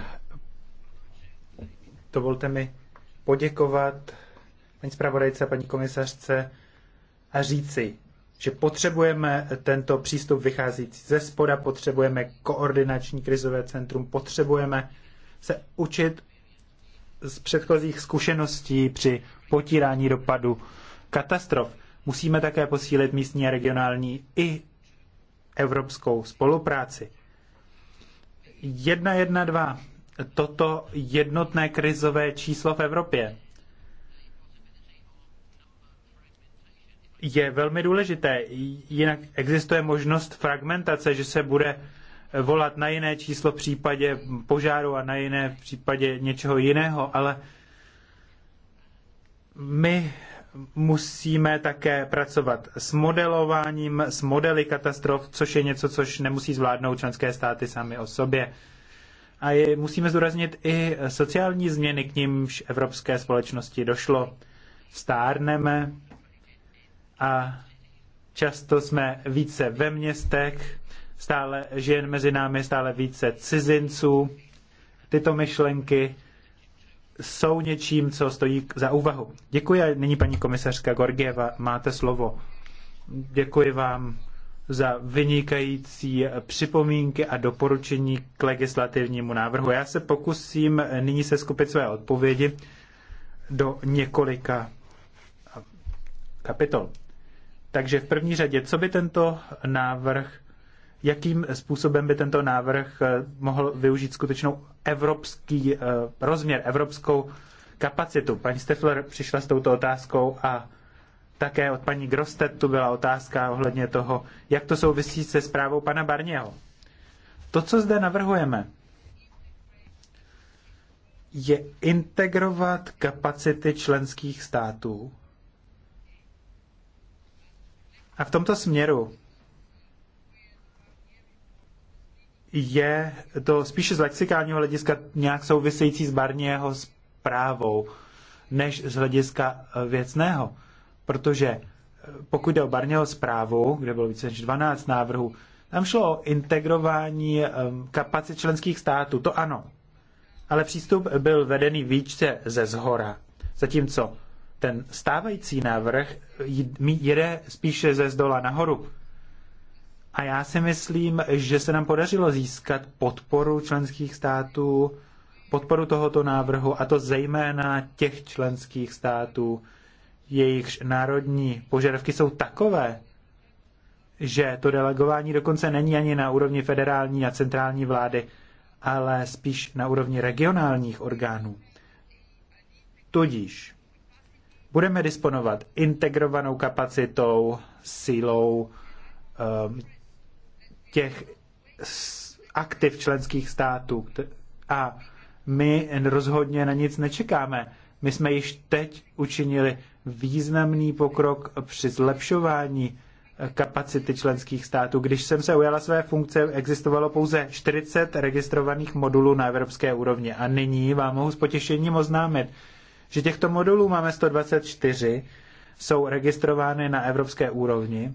Dovolte mi poděkovat paní zpravodajce, paní komisařce a říci, že potřebujeme tento přístup vycházící ze spoda, potřebujeme koordinační krizové centrum, potřebujeme se učit z předchozích zkušeností při potírání dopadu katastrof. Musíme také posílit místní a regionální i evropskou spolupráci. 112 toto jednotné krizové číslo v Evropě. Je velmi důležité, jinak existuje možnost fragmentace, že se bude volat na jiné číslo v případě požáru a na jiné v případě něčeho jiného, ale my musíme také pracovat s modelováním, s modely katastrof, což je něco, což nemusí zvládnout členské státy sami o sobě a je, musíme zdůraznit i sociální změny, k nímž evropské společnosti došlo. Stárneme a často jsme více ve městech, stále žije mezi námi stále více cizinců. Tyto myšlenky jsou něčím, co stojí za úvahu. Děkuji a nyní paní komisařka Gorgieva, máte slovo. Děkuji vám za vynikající připomínky a doporučení k legislativnímu návrhu. Já se pokusím nyní se skupit své odpovědi do několika kapitol. Takže v první řadě, co by tento návrh, jakým způsobem by tento návrh eh, mohl využít skutečnou evropský eh, rozměr, evropskou kapacitu? Paní Stefler přišla s touto otázkou a také od paní Grostet tu byla otázka ohledně toho, jak to souvisí se zprávou pana Barněho. To, co zde navrhujeme, je integrovat kapacity členských států. A v tomto směru je to spíše z lexikálního hlediska nějak související s Barněho zprávou, než z hlediska věcného protože eh, pokud jde o Barněho zprávu, kde bylo více než 12 návrhů, tam šlo o integrování eh, kapacit členských států, to ano. Ale přístup byl vedený výčce ze zhora, zatímco ten stávající návrh jede spíše ze zdola nahoru. A já si myslím, že se nám podařilo získat podporu členských států, podporu tohoto návrhu, a to zejména těch členských států, jejichž národní požadavky jsou takové, že to delegování dokonce není ani na úrovni federální a centrální vlády, ale spíš na úrovni regionálních orgánů. Tudíž budeme disponovat integrovanou kapacitou, sílou um, ehm, těch aktiv členských států a my rozhodně na nic nečekáme. My jsme již teď učinili významný pokrok při zlepšování kapacity členských států. Když jsem se ujala své funkce, existovalo pouze 40 registrovaných modulů na evropské úrovni. A nyní vám mohu s potěšením oznámit, že těchto modulů máme 124, jsou registrovány na evropské úrovni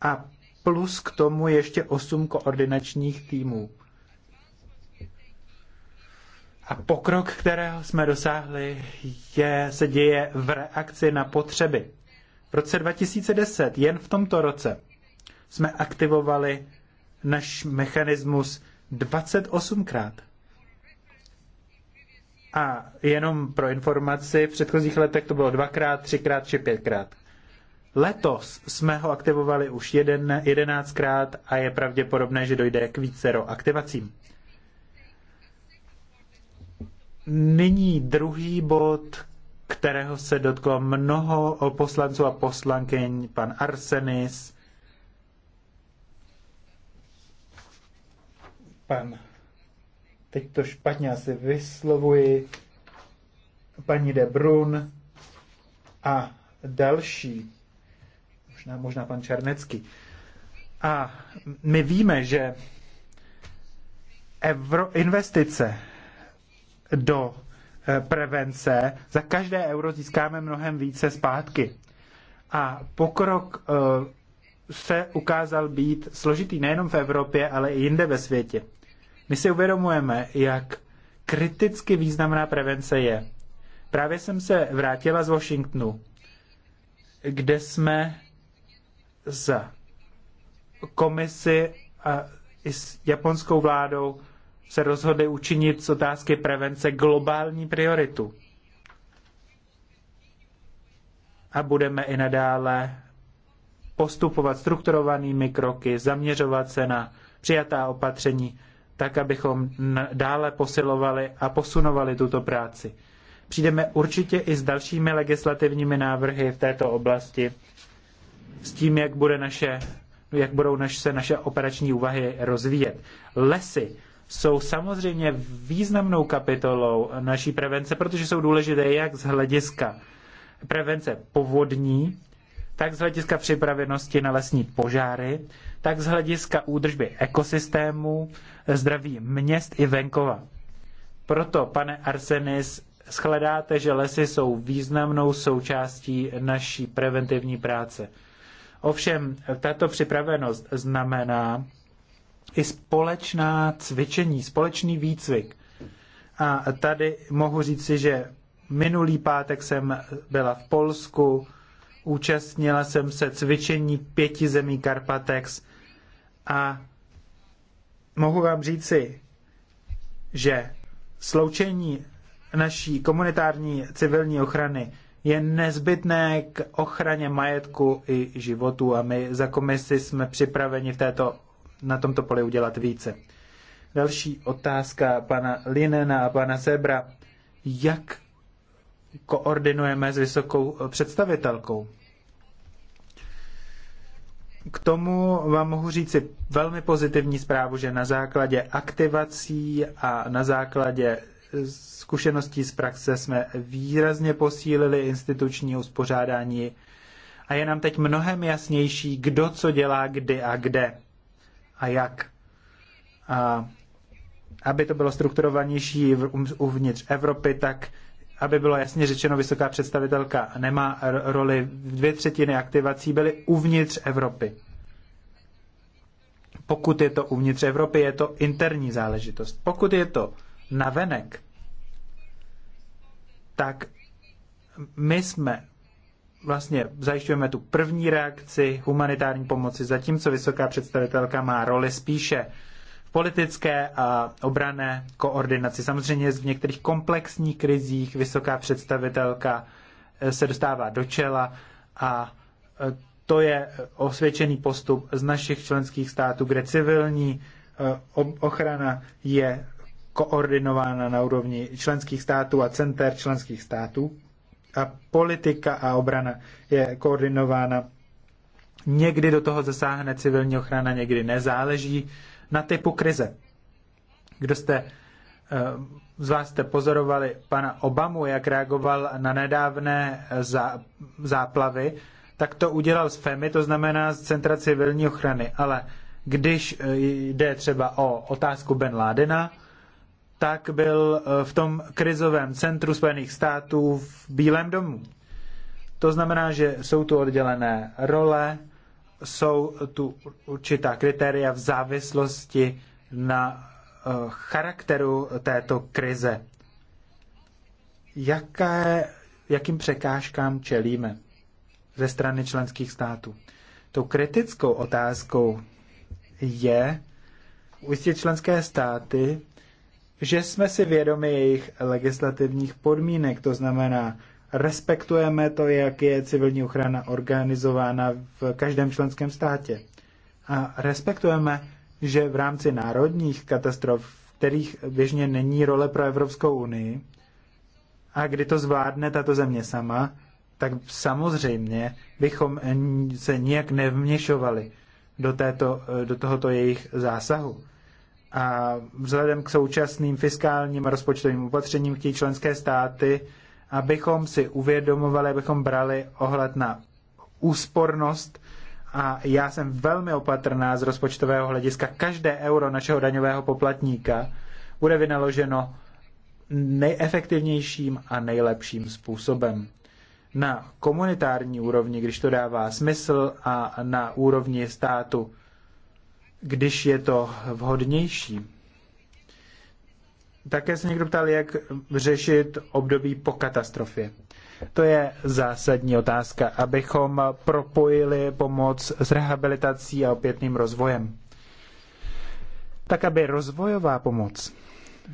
a plus k tomu ještě 8 koordinačních týmů. A pokrok, kterého jsme dosáhli, je, se děje v reakci na potřeby. V roce 2010, jen v tomto roce, jsme aktivovali náš mechanismus 28krát. A jenom pro informaci, v předchozích letech to bylo dvakrát, třikrát či pětkrát. Letos jsme ho aktivovali už jeden, jedenáctkrát a je pravděpodobné, že dojde k vícero aktivacím. Nyní druhý bod, kterého se dotklo mnoho poslanců a poslankyň, pan Arsenis, pan, teď to špatně asi vyslovuji, paní de Brun a další, možná, možná pan Černecký. A my víme, že Evro, investice do eh, prevence, za každé euro získáme mnohem více zpátky. A pokrok eh, se ukázal být složitý nejenom v Evropě, ale i jinde ve světě. My si uvědomujeme, jak kriticky významná prevence je. Právě jsem se vrátila z Washingtonu, kde jsme z komisi a i s japonskou vládou se rozhodne učinit z otázky prevence globální prioritu. A budeme i nadále postupovat strukturovanými kroky, zaměřovat se na přijatá opatření, tak, abychom dále posilovali a posunovali tuto práci. Přijdeme určitě i s dalšími legislativními návrhy v této oblasti, s tím, jak, bude naše, jak budou naše, naše operační úvahy rozvíjet. Lesy jsou samozřejmě významnou kapitolou naší prevence, protože jsou důležité jak z hlediska prevence povodní, tak z hlediska připravenosti na lesní požáry, tak z hlediska údržby ekosystému, zdraví měst i venkova. Proto, pane Arsenis, shledáte, že lesy jsou významnou součástí naší preventivní práce. Ovšem, tato připravenost znamená, i společná cvičení, společný výcvik. A tady mohu říci, že minulý pátek jsem byla v Polsku, účastnila jsem se cvičení pěti zemí Karpatex a mohu vám říci, že sloučení naší komunitární civilní ochrany je nezbytné k ochraně majetku i životu a my za komisi jsme připraveni v této na tomto poli udělat více. Další otázka pana Linena a pana Zebra. Jak koordinujeme s vysokou představitelkou? K tomu vám mohu říci velmi pozitivní zprávu, že na základě aktivací a na základě zkušeností z praxe jsme výrazně posílili instituční uspořádání a je nám teď mnohem jasnější, kdo co dělá, kdy a kde a jak. A aby to bylo strukturovanější um- uvnitř Evropy, tak aby bylo jasně řečeno, vysoká představitelka nemá roli, dvě třetiny aktivací byly uvnitř Evropy. Pokud je to uvnitř Evropy, je to interní záležitost. Pokud je to navenek, tak my jsme vlastně zajišťujeme tu první reakci humanitární pomoci, zatímco vysoká představitelka má roli spíše v politické a obrané koordinaci. Samozřejmě v některých komplexních krizích vysoká představitelka eh, se dostává do čela a eh, to je osvědčený postup z našich členských států, kde civilní eh, ochrana je koordinována na úrovni členských států a center členských států a politika a obrana je koordinována. Někdy do toho zasáhne civilní ochrana, někdy nezáleží na typu krize. Kdo jste eh, z vás jste pozorovali pana Obamu, jak reagoval na nedávné eh, záplavy, tak to udělal z FEMI, to znamená z Centra civilní ochrany. Ale když eh, jde třeba o otázku Ben Ládena, tak byl eh, v tom krizovém centru Spojených států v Bílém domu. To znamená, že jsou tu oddělené role, jsou tu určitá kritéria v závislosti na eh, charakteru této krize. Jaké, jakým překážkám čelíme ze strany členských států? Tou kritickou otázkou je ujistit členské státy, že jsme si vědomi jejich legislativních podmínek, to znamená, respektujeme to, jak je civilní ochrana organizována v každém členském státě. A respektujeme, že v rámci národních katastrof, v kterých běžně není role pro Evropskou unii, a kdy to zvládne tato země sama, tak samozřejmě bychom se nijak nevměšovali do, této, do tohoto jejich zásahu. A vzhledem k současným fiskálním a rozpočtovým opatřením chtějí členské státy, abychom si uvědomovali, abychom brali ohled na úspornost a já jsem velmi opatrná z rozpočtového hlediska. Každé euro našeho daňového poplatníka bude vynaloženo nejefektivnějším a nejlepším způsobem. Na komunitární úrovni, když to dává smysl, a na úrovni státu když je to vhodnější. Také se někdo ptal, jak řešit období po katastrofě. To je zásadní otázka, abychom propojili pomoc s rehabilitací a opětným rozvojem. Tak, aby rozvojová pomoc,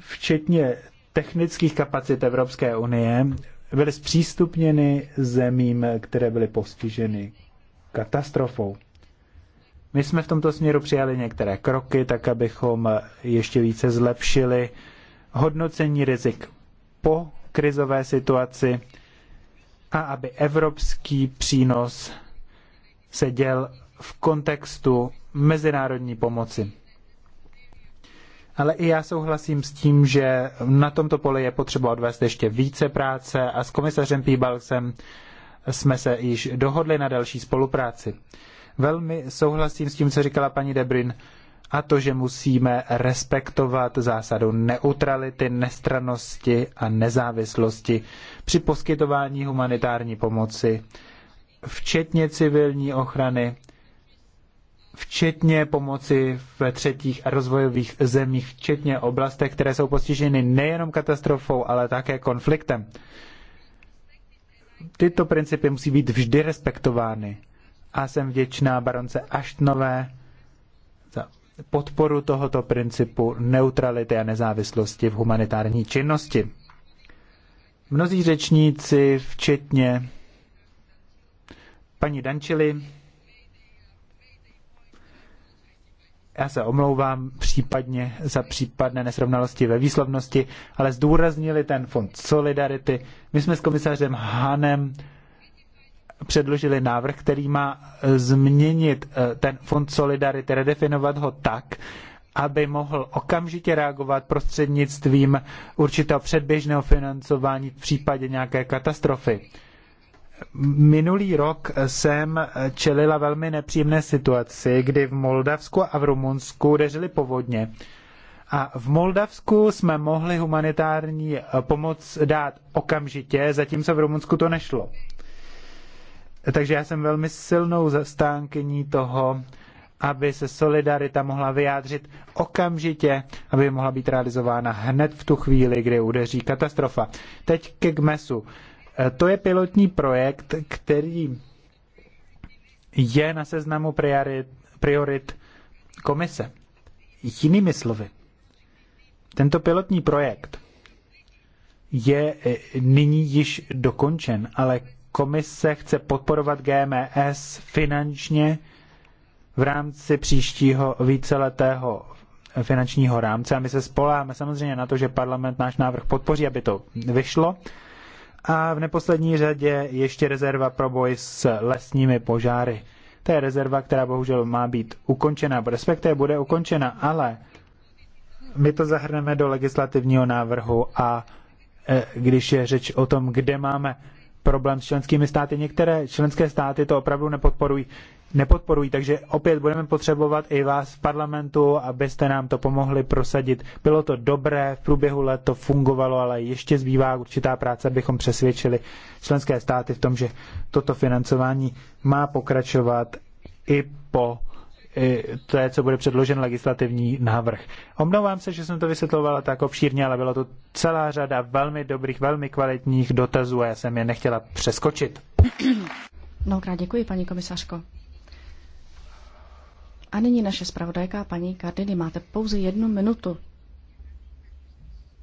včetně technických kapacit Evropské unie, byly zpřístupněny zemím, které byly postiženy katastrofou. My jsme v tomto směru přijali některé kroky, tak abychom ještě více zlepšili hodnocení rizik po krizové situaci a aby evropský přínos se děl v kontextu mezinárodní pomoci. Ale i já souhlasím s tím, že na tomto poli je potřeba odvést ještě více práce a s komisařem Píbalsem jsme se již dohodli na další spolupráci. Velmi souhlasím s tím, co říkala paní Debrin, a to, že musíme respektovat zásadu neutrality, nestranosti a nezávislosti při poskytování humanitární pomoci, včetně civilní ochrany, včetně pomoci ve třetích a rozvojových zemích, včetně oblastech, které jsou postiženy nejenom katastrofou, ale také konfliktem. Tyto principy musí být vždy respektovány a jsem vděčná baronce Aštnové za podporu tohoto principu neutrality a nezávislosti v humanitární činnosti. Mnozí řečníci, včetně paní Dančily, já se omlouvám případně za případné nesrovnalosti ve výslovnosti, ale zdůraznili ten fond Solidarity. My jsme s komisařem Hanem předložili návrh, který má eh, změnit eh, ten fond Solidarity, redefinovat ho tak, aby mohl okamžitě reagovat prostřednictvím určitého předběžného financování v případě nějaké katastrofy. Minulý rok jsem čelila velmi nepříjemné situaci, kdy v Moldavsku a v Rumunsku deřili povodně. A v Moldavsku jsme mohli humanitární eh, pomoc dát okamžitě, zatímco v Rumunsku to nešlo. Takže já jsem velmi silnou zastánkyní toho, aby se solidarita mohla vyjádřit okamžitě, aby mohla být realizována hned v tu chvíli, kdy udeří katastrofa. Teď ke GMESu. E, to je pilotní projekt, který je na seznamu priorit, priorit komise. Jinými slovy, tento pilotní projekt je e, nyní již dokončen, ale komise chce podporovat GMS finančně v rámci příštího víceletého finančního rámce a my se spoláme samozřejmě na to, že parlament náš návrh podpoří, aby to vyšlo. A v neposlední řadě ještě rezerva pro boj s lesními požáry. To je rezerva, která bohužel má být ukončena, respektive bude ukončena, ale my to zahrneme do legislativního návrhu a e, když je řeč o tom, kde máme problém s členskými státy. Některé členské státy to opravdu nepodporují. nepodporují takže opět budeme potřebovat i vás v parlamentu, abyste nám to pomohli prosadit. Bylo to dobré, v průběhu let to fungovalo, ale ještě zbývá určitá práce, abychom přesvědčili členské státy v tom, že toto financování má pokračovat i po to je, co bude předložen legislativní návrh. Omlouvám se, že jsem to vysvětlovala tak obšírně, ale byla to celá řada velmi dobrých, velmi kvalitních dotazů a já jsem je nechtěla přeskočit. Mnohokrát děkuji, paní komisařko. A nyní naše zpravodajka, paní Kardiny, máte pouze jednu minutu,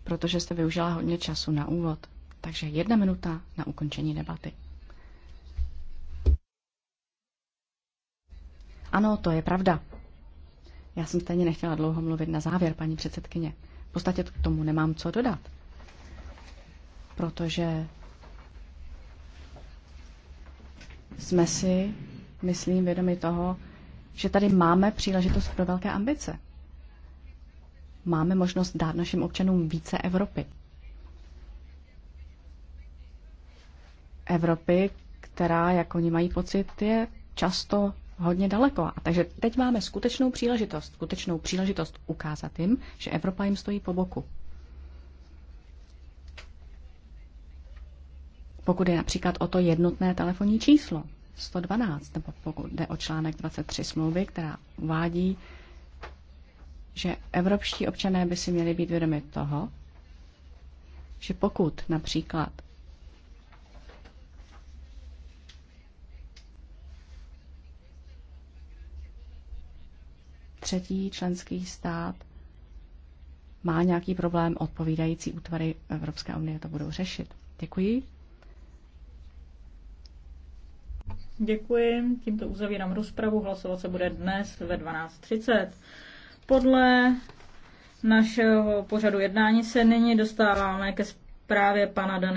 protože jste využila hodně času na úvod. Takže jedna minuta na ukončení debaty. Ano, to je pravda. Já jsem stejně nechtěla dlouho mluvit na závěr, paní předsedkyně. V podstatě k tomu nemám co dodat. Protože jsme si, myslím, vědomi toho, že tady máme příležitost pro velké ambice. Máme možnost dát našim občanům více Evropy. Evropy, která, jak oni mají pocit, je často hodně daleko. A takže teď máme skutečnou příležitost, skutečnou příležitost ukázat jim, že Evropa jim stojí po boku. Pokud je například o to jednotné telefonní číslo 112, nebo pokud jde o článek 23 smlouvy, která uvádí, že evropští občané by si měli být vědomi toho, že pokud například třetí členský stát má nějaký problém, odpovídající útvary Evropské unie to budou řešit. Děkuji. Děkuji. Tímto uzavírám rozpravu. Hlasovat se bude dnes ve 12.30. Podle našeho pořadu jednání se nyní dostáváme ke zprávě pana Daniela.